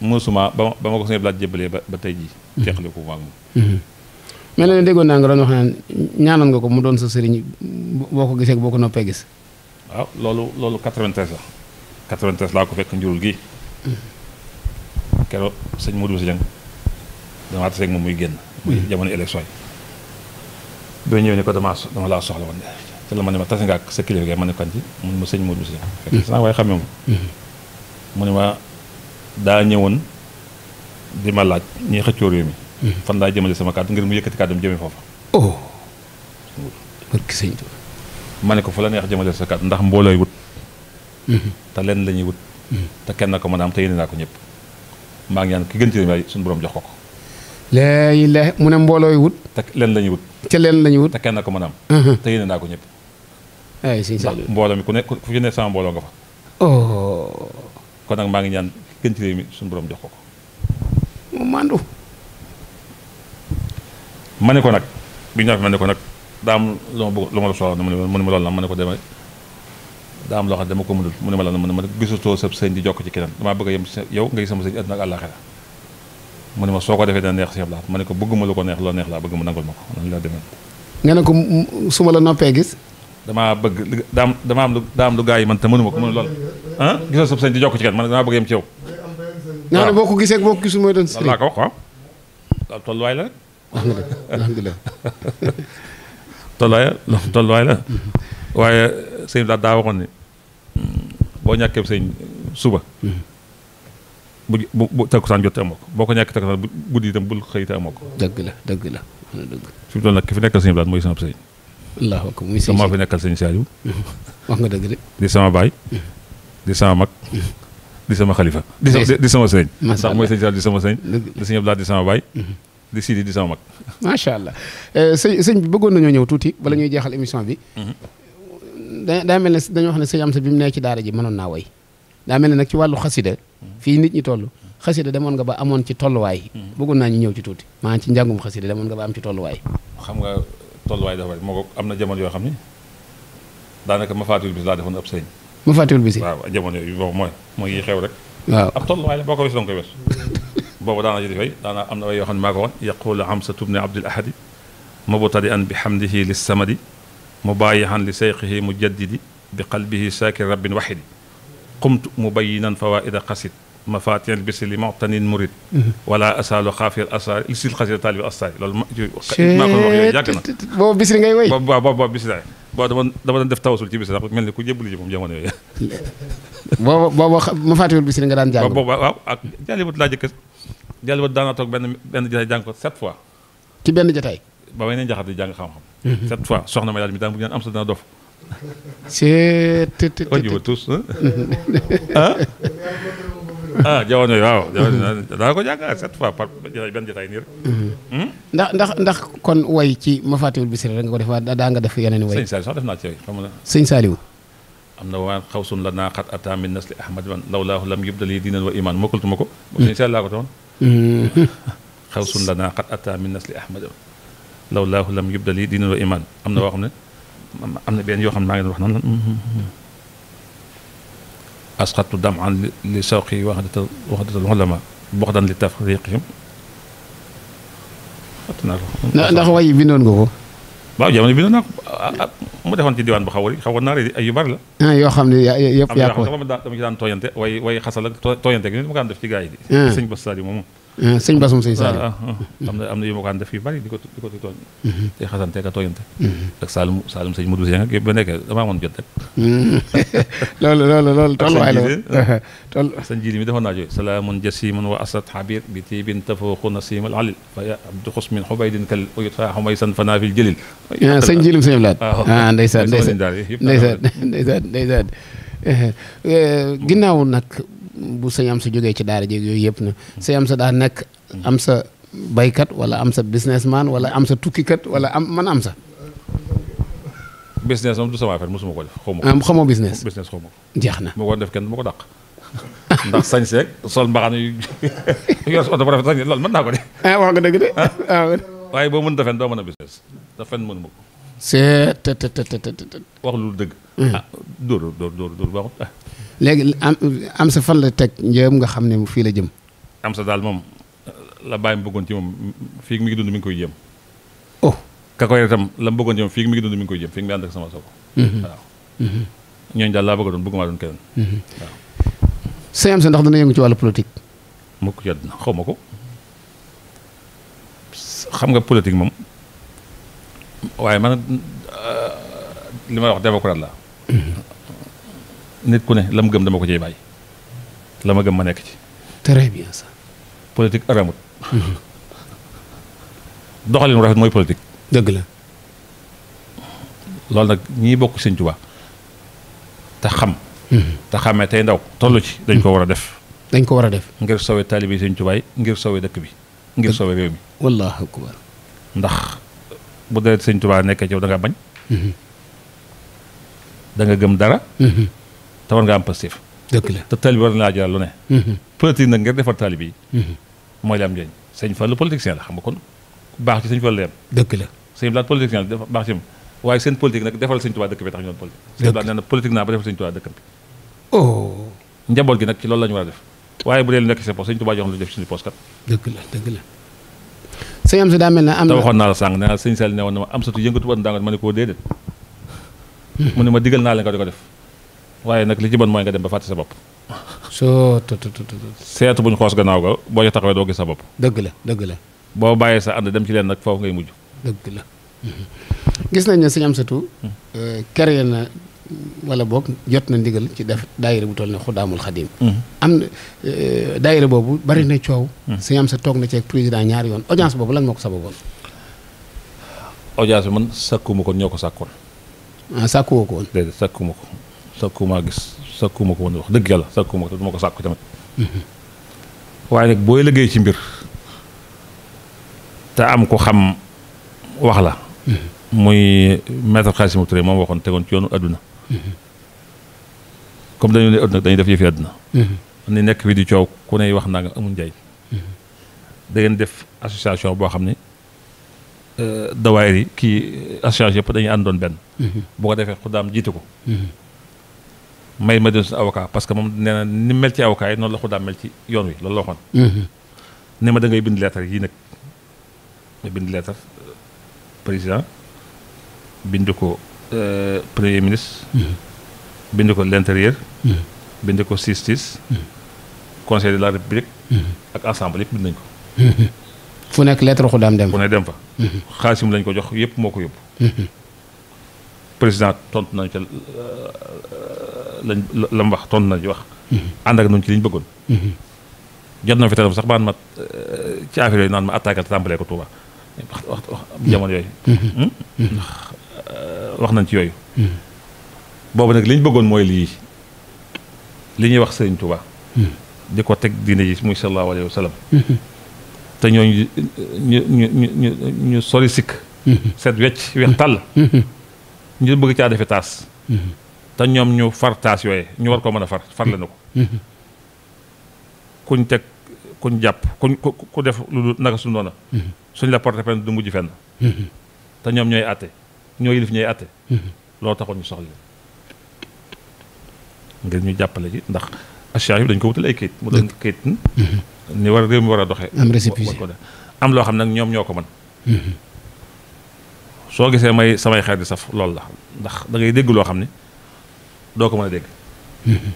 mosuma ba ma ko sëñ Blaat jébbalee ba ba tey jii. Hmm. teqali ko ak moom. Hmm. mel déggoon naa nga doon wax naan ñaanoon nga ko mu doon sa sëriñ boo ko gisee boo ko noppee gis. waaw loolu loolu 93 la 93 laa ko fekk njurul gi keroog sëñ Modou Moussa Dieng damaa muy génn. muy jamono élection yi. ba dama laa soxla woon te la ma ne ma tase nga ak sa kilifa gi ma ne ko ci mun ma sëñ Modou Moussa Dieng. fekk naa mm. waaye xamee ma. Mm. mu ne ma daa ñëwoon di ma laaj ñiy xëccoo réew mi. Mm. fan laa jëmale sama kàddu ngir mu yëkkati kàddu mu jëmee foofa. Oh. ma ne ko fu la neex jëmale sa kàddu ndax mboolooy wut mhm. te lenn la ñuy wut mhm. te kenn ko mën a am te naa ko ñëpp maa ngi ñaan ki gën ci may mu ne mboolooy wut te lenn la wut te lenn la ñuy wut kenn ko mën a am mhm. te yéene naa ko ñëpp ay mbooloo mi ku ne ku ci ne sama mbooloo nga fa oh. kon nag maa ngi ñaan ki gën ci réew mi suñu borom jox ko ko mu màndu ma ne ko nag bi ñu fi ma ko nag daa am lu ma bëgg lu ma la soxla mu ne ma loolu la ma ko deme daa am loo ko mënul mu ne ma la mu ne ma gisatoo sa sëñ di jokk ci keneen damaa bëgg a yem yow nga ne ma soo ko defee dana neex si laat ma ne ko bëgguma ko neex loo neex laa ko lan la demee nga ne ko su ma la noppee gis damaa bëgg daam damaa am lu daa am lu gars yi man te mënuma ko mënu lool ah gisoo sa sëñ di jokk ci keneen man damaa bëgg yem ci yow nga ne boo ko gisee boo ko gisul mooy doon sëriñ laa ko wax waaw tolluwaay la rek alhamdulilah tolluwaay tolluwaay la waaye sëñ daal daa waxoon ni mm, boo ñàkkee sëñ suba bu bu takkusaan jot amoo ko boo ko ñàkkee takkusaan guddi itam bul xëy te amoo ko dëgg la dëgg la dëgg fi mu toll nag ki fi nekkal sëñ daal mooy sama sëñ allahu akbar muy sama fi nekkal sëñ Saliou di sama baay di sama mag di sama xalifa di sama sëñ di sama sëñ di sëñ Abdoulaye di sama baay di Sidi di sama mag. macha allah eh, sëñ sëñ bi bëggoon nañoo ñëw tuuti bala ñuy jeexal émission bi. Mhm. da daa mel ne dañoo wax ne sëñ Amsa bi mu nekk ci daara ji mënoon naa woy daa mel ne nag ci wàllu xasida fii nit ñi toll xasida demoon nga ba amoon ci tolluwaay. Mhm. bëggoon naa ñu ñëw ci tuuti maanaam ci njàngum xasida demoon nga ba am ci tolluwaay. xam nga tolluwaay dafa moo ko am na jamono yoo xam ni daanaka ma faatiwul bis laa defoon ab sëñ. ma bi si yi waaw jamono yooyu boobu mooy mooy yi xew ab tolluwaay la boo ko wis danga koy boobu daana ji difay daana am na way yoo xam ne maa ko waxoon yaqulu hamsatu bni abdul ahadi mubtadi an bi hamdihi li samadi mubaayihan li seyqihi mujaddidi bi qalbihi saakir rabbin waxidi qumtu mubayinan fawaida xasid mafatihal bisi li muctanin murid mhm. wala asaalu xaafir asaari li sil xasida taalibi asaari loolu ma maa ko wax yooyu yàgg na boobu bisri ngay way boobu boobu bisri laay boo dama dama doon def tawasul ci bis sax mel ni ku jébbalu ji moom jamono yooyu boobu boobu mafatihal bisi li nga daan jàng boobu waaw ak jaalibut laa jëkk jal ba daana toog benn benn jotaay jàng ko sept fois ci benn jotaay ba may ne jaxat di jàng xam-xam sept fois soxna may laaj mi daan bu ñaan am sa dana dof c'est ko jiba tous ah ah jamono waaw daa ko jàng sept fois par benn jotaay nii rek mm-hmm. hmm? ndax ndax ndax kon way ci Mafaatihul Bichri rek nga ko def waa daa nga def yeneen way sëñ Saliou sax def naa ci way am na waan xawsun la naa xat ataa min nasli ahmad man lawlaahu lam yubdali diinan wa iman mokkaltuma ko sëñ Saliou laa ko tawoon xawsun lana qad ata min nasli ahmad law laahu lam yubda lii diinun wa iman am na woo xam ne am na benn yoo xam ne maa ngi wax naan asqatu dam an li sawqi waxdata waxdatal ulama box daan li tafriqihim ndax way bindoon nga ko waaw jamono bi doon naa ah, ko ah, mu defoon ci diwaan bu xaw a xawoon naa rek ay bari la. Ah, yoo xam ne yëpp yaa ko dama ci daan tooyante way way xasal ak tooyante gi ni ma def ci gars yi. sëñ Bass Sadio moom. Ah, sëñ Basum sëñ Saliou ah, ah. am na am na yu ma ko daan def yu bari di ko di ko tooñ te mhm. xasante ka tooñante mhm. ak Saalum Saalum sëñ Modou Seng ak mhm. loolu loolu loolu tolluwaay la toll jili mi defoon naa jooy salaamun jasimun wa asat habir bi tiibin tafooqu nasimal alil faya abdu xusmin xubaydin kal uyut fa xumaysan fanaa fil jëlil sëñ jilim sëñ Laat ah ndeysaan ndeysaan ndeysaan ndeysaan eh, eh, ginnaaw nag bu sañ am sa jógee ci daara jéeg yooyu yëpp na sëñ am sa daa nekk am sa baykat wala am sa businessman wala am sa tukkikat wala am man am sa business moom du sama affaire mosuma ko ma ko xamoo business business xaw ma ko jeex na ma ko def kenn ma ko dàq ndax sañ sol mbaxana yu yor oto bu de ah, wax nga de ah. Ah, waaye boo mën a fen doo mën a business da fen mënu ma c'est te te te te wax lu dëgg. ah dóor dóor dóor dóor waxut ah. léegi am am sa fan la teg njëriñ nga xam ne mu fii la jëm. am sa daal moom la bàyyi mu bëggoon ci moom fii mi ngi dund mi ngi koy jëm. oh ka la mu bëggoon fii mi ngi dund mi koy jëm fii mi ngi ànd ak sama soxla. Mhm. waaw. Mhm. ñooñu daal laa bëgg a doon bëgguma doon keneen. Mhm. waaw. am sa ndax dana yëngu ci wàllu politique. mukk ci àdduna xaw ma ko xam nga politique moom. waaye man euh, li may wax démocrate la nit ku ne la mu gëm dama ko ciy bàyyi la ma gëm ma nekk ci. très bien ça. politique aramut. Mhm. doxalin rafet mooy politique. dëgg la. loolu nag ñiy bokk Sëñ Tuubaa te xam. Mhm. te xamee tey ndaw tollu ci. dañ ko mhm. war a def. dañ ko war a def. ngir sowe taalibe Sëñ ngir sowe dëkk bi. ngir sowe réew mi. ndax. bu dee sëñ Tuubaa nekkee ci yow da nga bañ. Mm-hmm. da nga gëm dara. Mm-hmm. te war nga am positif. dëgg la te taalibe war na laa jaral lu ne. Mm-hmm. politique nag ngir defar taalibe yi. mooy la am njëriñ sëñ Fallu politicien la xam nga kon baax ci sëñ Fallu la yem. dëgg la sëñ Blaat politicien la dafa baax ci waaye seen politique nag defal sëñ Tuubaa dëkk bi tax ñu doon politique. dëgg la sëñ Blaat nee na politique oh. njaboot gi nag ci loolu la ñu war a def waaye bu dee lu nekk ci sa poche sëñ Tuubaa jox lu def suñu poche kat. dëgg la dëgg la. sëñ am si daa mel ne am na waxoon naa la sànq nee naa sëñ Sall ne ma am satu yëngatu woon daanaka ma ne koo déedéet hmm. ne ma digal naa la nga di ko def waaye nag li ci bon mooy nga dem ba fàtte sa bopp seetu buñ xoos gannaaw ga boo ci taxawee doo gis sa bopp dëgg la dëgg la boo bàyyee sa ànd dem ci leen nag foofu ngay mujj dëgg la hmm. gis nañ ne sëñ am satu hmm. eh, créé na wala boog jot na ndigal ci def daayira bu toll ne xuddaamul xadim mhm. am eh, boobu bari na coow mhm. suñu am sa toog na ci ak président ñaari yoon audience boobu lan moo ko sababoon audience bi man sàkkuma ko ñoo ko sàkkoon ah sàkkuwoo ko woon déedéet ko sàkkuma wax dëgg yàlla sàkkuma ko te duma ko sàkku tamit mhm. waaye nag booy liggéey ci mbir te am ko xam wax la muy maître Khassimou Touré moom waxoon tegoon ci yoonu àdduna comme dañu ne ëtt nag dañuy def yëfi àdduna mhm. ni nekk fi di coow ku ne wax naa nga amul njaay mhm. da def association boo xam ne euh, dawaayir yi kii association yëpp dañuy àndoon benn mhm. bu ko defee xuddaam jiite ko may ma dem si avocat parce que moom nee na ni mel ci avocat yi noonu la xuddaam mel ci yoon wi loolu la waxoon ne ma da bind lettre yii nag nga bind lettre euh, président bind ko Euh, premier ministre. Mm-hmm. bind ko l'intérieur. Mm-hmm. bind ko justice. Mm-hmm. conseil de la république. ak assemblée yëpp bind nañ ko. fu nekk lettre xu daam dem fu ne dem fa. lañ ko jox yëpp moo ko yóbbu. président tontu nañ ca euh, euh, lañ la mu wax tontu nañ ci wax. ànd ak noonu ci liñ bëggoon. jot na fi téléphone sax baan ma ci affaire yooyu naan ma attaqué tàmbalee ko Touba wax yooyu. Hmm? Euh, wax nañ ci yooyu. Hmm. boobu nag li ñu bëggoon mooy lii li ñuy wax Serigne Touba. Hmm. di ko teg diine ji muy sallallahu alayhi wa hmm. te ñooñu ñu ñu sori sikk. seet wecc weex tàll. ñu bëgg caa defe taas. te ñoom ñu far taas yooye ñu war ko mën a far farle na ko. kuñ teg kuñ jàpp kuñ ku def lu naka su noona suñ la porté plainte du mujj fenn. te ñoom ñooy àtte. ñoo yilif ñooy atte mhm. loolu taxoon ñu soxla ngir ñu jàppale ji ndax assurance yi dañ ko wutal ay kayit mu doon kayit mhm. ni war a réew mi war a doxee am récépissé am loo xam ne nag ñoom ñoo ko mën mhm. soo gisee may samay xeer di saf lool la ndax da ngay dégg loo xam ne doo ko mën a dégg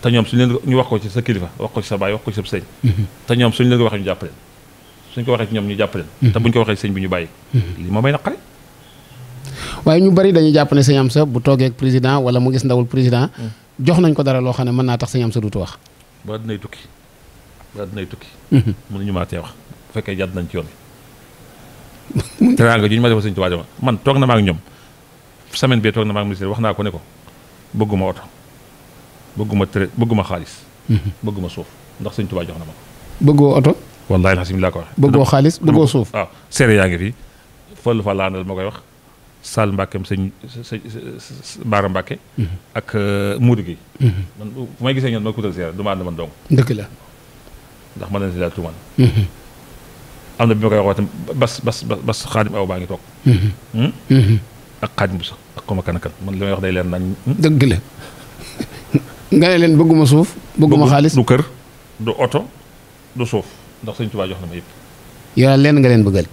te ñoom suñu leen ñu wax ko ci sa kilifa wax ko ci sa baay wax ko ci sa sëñ te ñoom suñu leen ko waxee ñu jàppaleen suñ ko waxee ci ñoom ñu jàppaleen te buñ ko waxee sëñ bi ñu bàyyi lii moo may naqari waaye ñu bari dañuy jàpp ne sëñ Amsa bu toogee président wala mu gis ndawul président mm. jox nañ ko dara loo xam ne mën naa tax sëñ Amsa duutu wax ba dinay tukki ba dinay tukki mm-hmm. mënuñu maa tee wax bu fekkee jàdd nañ ci yoon mm-hmm. teraanga ju ñu ma defal sëñ Tuubaa man toog na ma ñoom semaine bi na ma ak wax naa ko ne ko bëgguma oto bëgguma tr bëgguma xaalis mm-hmm. bëgguma suuf ndax sëñ Tuubaa jox na ma ko bëggoo oto wallaahi alxasim laa ko bëggoo xaalis bëggoo suuf waaw seere yaa ngi fi fël fa laanal ma koy wax Sall Mbackeem sëñ sëñ Baara Mbacke. Mhm. ak euh, Mourou gi. Mhm. man bu may gisee ñoom ma kutal ziar du ma ànd man dong. dëgg la. ndax mën na si daal tuumaan. am na bi ma koy wax tam bas bas bas xaadim aw baa ngi toog. Mhm. Hmm? ak xaadim bu sax ak ko ma kan man li may wax day leer nañ. Hmm? dëgg la nga leen bëgguma suuf. bëgguma xaalis du kër du oto du suuf ndax sëñ Tuubaa jox na ma yëpp. yoral leen nga leen bëggal.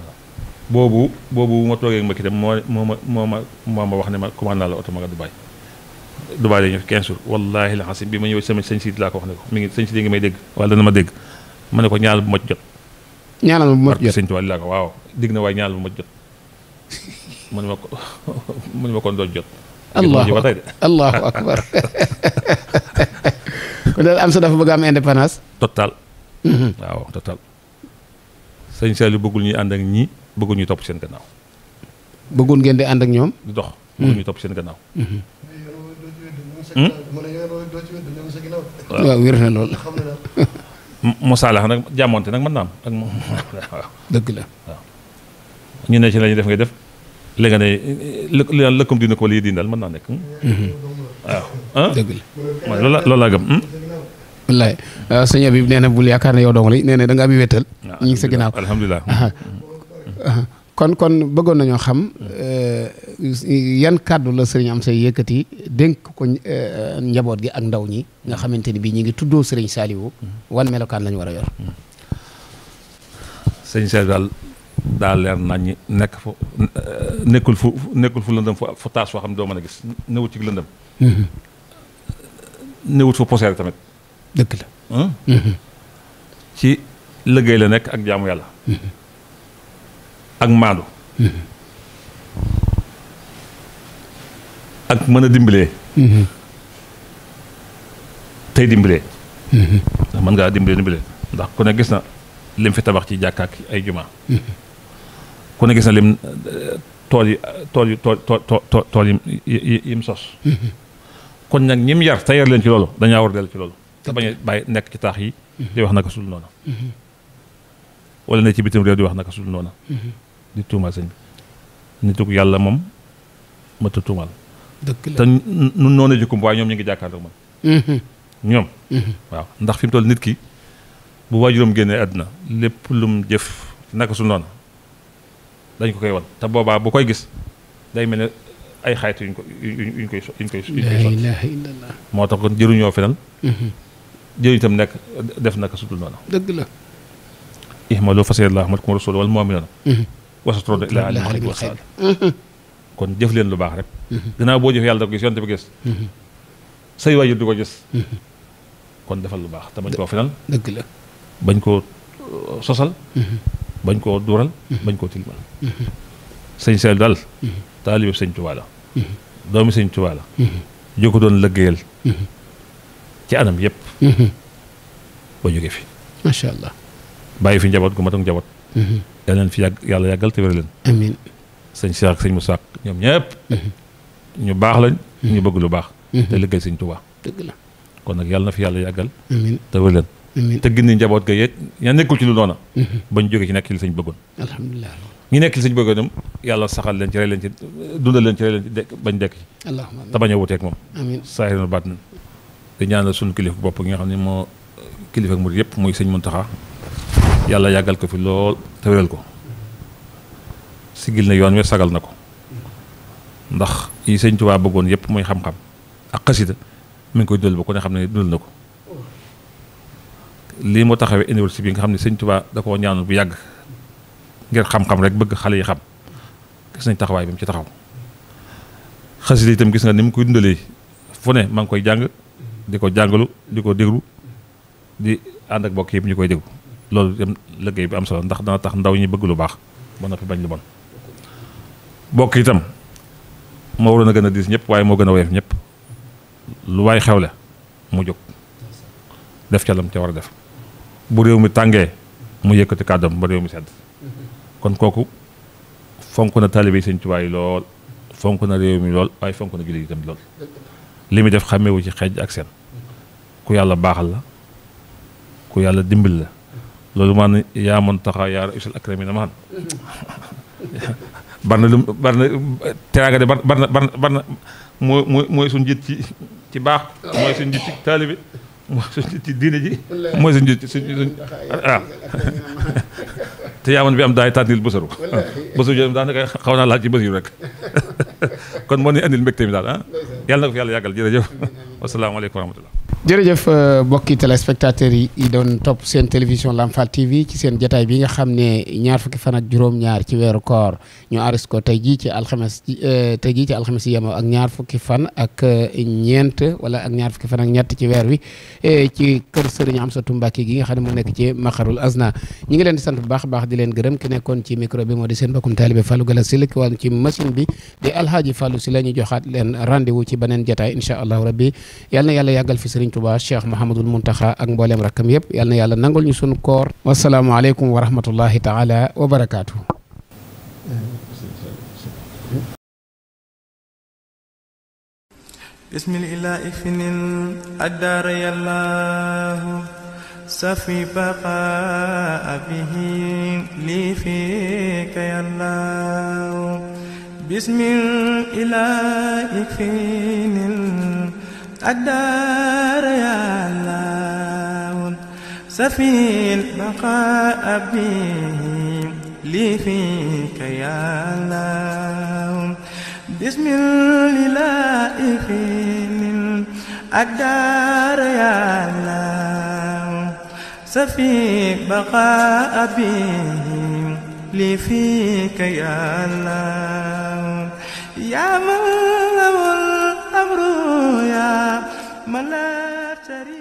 boobu boobu bu ma toogee ak ma kitam moo moo ma moo ma moo ma wax ne ma commande naa la oto ma nga Dubaay Dubaay la ñu fi 15 jours la xasim bi ma ñëw sama sëñ Sidi laa ko wax ne ko mi ngi sëñ Sidi ngi ma dégg ma ne ko ñaanal bu ma jot. ñaanal bu ma jot sëñ laa ko waaw dégg na waaye ñaanal bu ma jot mu ne ma ko mu ne kon doo jot. allahu akbar allahu akbar kon am sa dafa bëgg am indépendance. total. Mm-hmm. waaw total. sëñ Saliou bëggul ñuy ànd ak ñii. bëgguñu ñu topp seen gannaaw. bëggoon ngeen di ànd ak ñoom. di dox bëgguñu ñu topp seen gannaaw. Mm-hmm. Hmm? waaw wér na lool. Musaalax nag jàmmonte nag mën naa ak moom dëgg la ñu ne ci la ñuy def ngay def li ne lëkkum dina ko wala yéen daal mën naa nekk. Hmm? Mm-hmm. waaw. dëgg la mooy loolu la loolu laa gëm. Hmm? Euh, bi nee bul yaakaar ne yow dong la nee na da ngaa am wéttal. sa ginnaaw alhamdulilah. Uh-huh. kon kon bëggoon nañoo xam uh, yan kàddu la sëriñ am say yëkkati dénk ko uh, njaboot gi ak ndaw ñi nga xamante ni bii ñu ngi tuddoo sëriñ Saliou uh-huh. wan melokaan lañu war a yor. Uh-huh. sëriñ Saliou daal daal leer nañ nekk fu nekkul fu nekkul fu lëndëm fu taas foo xam ne doo mën a gis newut ci lëndëm. newut fu poseer tamit. dëgg la. ci liggéey la nekk ak jaamu yàlla. ak maandu ak mën a dimbalee tey dimbalee ndax mën ngaa dimbalee dimbalee ndax ku ne gis na lim fi tabax ci jàkkaak ay jumaa ku ne gis na lim eh, tool yi tool yi tool tool tool yi yim sos kon nag ñim yar te yar leen ci loolu dañaa war dellu ci loolu te bañ a bàyyi nekk ci taax yi di wax naka sul noonu wala ne ci bitim réew di wax naka sul noonu di tuumaal sëñ bi nitug yàlla moom ma ta tuumaal te nun noonu jikkum waaye ñoom ñu ngi jàkkaarloo man mm-hmm. ñoom mm-hmm. waaw ndax fi mu nit ki bu waajuram génnee àdduna lépp lum jëf naka su noonu dañ ko koy wan te boobaa bu koy gis day mel ne ay xaytu yuñ ko yuñ koy yuñ koy moo tax kon jëruñoo fenal mm-hmm. jëruñ itam nekk def naka su dul noonu dëgg la ihmalu fasiyallahu ahmadukum rasul wal mu'minuna wasatoodo ilaa alim xayb wa kon jëf leen lu baax rek gannaaw boo jëf yàlla da ko gis yonte bi gis say waajur du ko gis kon defal lu baax te bañ koo fenal la bañ koo uh, sosal bañ koo dural bañ koo tilmal sëñ Saliou daal taalibe sëñ Tuubaa doomi sëñ Tuubaa la ko doon lëggéeyal ci anam yëpp ba jóge fi macha allah bàyyi fi njaboot gu matuk njaboot yal leen fi yàlla yàggal te wér sañ amiin sëñ Cheikh sëñ Moussa ñoom ñëpp. Mhm. ñu baax lañ. Mhm. ñu bëgg lu baax. Mhm. te liggéey sëñ Tuubaa. kon nag yàlla na fi yàlla yàggal. amiin te wér te gën njaboot ga yeeg ña nekkul ci lu noona ba jógee ci nekk ci li sañ bëggoon alhamdulilah nekk ci li sañ bëggoon yàlla saxal leen ci rey leen ci dundal leen ci rey leen bañ dekk ci te bañ a wuteeg moom amiin saahir na baat na di ñaanal suñu kilifa bopp nga xam ne moo kilifa ak murid yëpp muy sëñ Muntaxa yàlla yàggal ko fi lool te ko sigil na yoon wi sagal na ko ndax yi sëñ Tuubaa bëggoon yëpp muy xam-xam ak xasida mi ngi koy dul ba ko ne xam ne dul na ko lii moo taxawee université bi nga xam ne sëñ Tuubaa da koo bu yàgg ngir xam-xam rek bëgg xale yi xam gis nañ taxawaay bi mu ci taxaw yi tam gis nga ni mu koy dundalee fone ne maa ngi koy jàng di ko jàngalu di ko déglu di ànd ak bokk yëpp ñu koy déglu loolu itam liggéey bi am solo ndax dana tax ndaw ñi bëgg lu baax ba noppi bañ lu bon bokk itam moo waroon a gën a diis ñëpp waaye moo gën a woyof ñëpp lu waay xewle mu jóg def ca lam ca war a def bu réew mi tàngee mu yëkkati kàddoom ba réew mi sedd kon kooku fonk na taalibe yi Sëñ lool fonk na réew mi lool waaye fonk na jullit yi tamit lool li muy def xàmmeewu ci xeej ak seen ku yàlla baaxal la ku yàlla dimbali la loolu maa ne yaa man taxaa yaa raisal akrami na maan bar lu bar teraanga de bar na mooy suñ njiit ci ci baax mooy suñ njiit ci taalibe mooy suñ njiit ci diine ji mooy suñ njiit ci suñ waaw ah. te yaaman bi am daay tànnil bësaru bësaru jëm daanaka xaw naa laal ci bës rek kon moo ne andil mbégte mi daal ah yàlla na fi yàlla yàggal jërëjëf wasalaamaaleykum wa rahmatullah jërëjëf euh, mbokki téléspectateurs yi yi doon top seen télévision Lamfal TV ci seen jataay bi nga xam ne ñaar fukki fan ak juróom-ñaar ci weeru koor ñu aris ko tey jii ci alxames euh, tey jii ci alxames yi ak ñaar fukki fan ak euh, ñeent wala ak ñaar fukki fan ak ñett ci weer wi ci kër Serigne Amsatou Mbacké gi nga xam ne moo nekk ci Makharul Azna ñi ngi leen di sant bu baax a baax di leen gërëm ki nekkoon ci micro bi moo di seen mbokkum taalibe Fallou Gala Sylla ki wàllu ci machine bi di Alhaaji joxaat leen rendez-vous ci beneen jataay incha allahu rabbi yàlla yàggal fi Serigne Tuubaa Cheikh Mahamadul Muntaxa ak mbooleem rakkam yëpp yal na yàlla nangul ñu sunu koor wasalaamualeykum wa rahmatullahi taala wa barakaatu. بسم الدار يا الله سفي البقاء به لي فيك يا الله بسم الله في الدار يا الله سفي بقاء به لي فيك يا الله يا من له الأمر يا من لا تري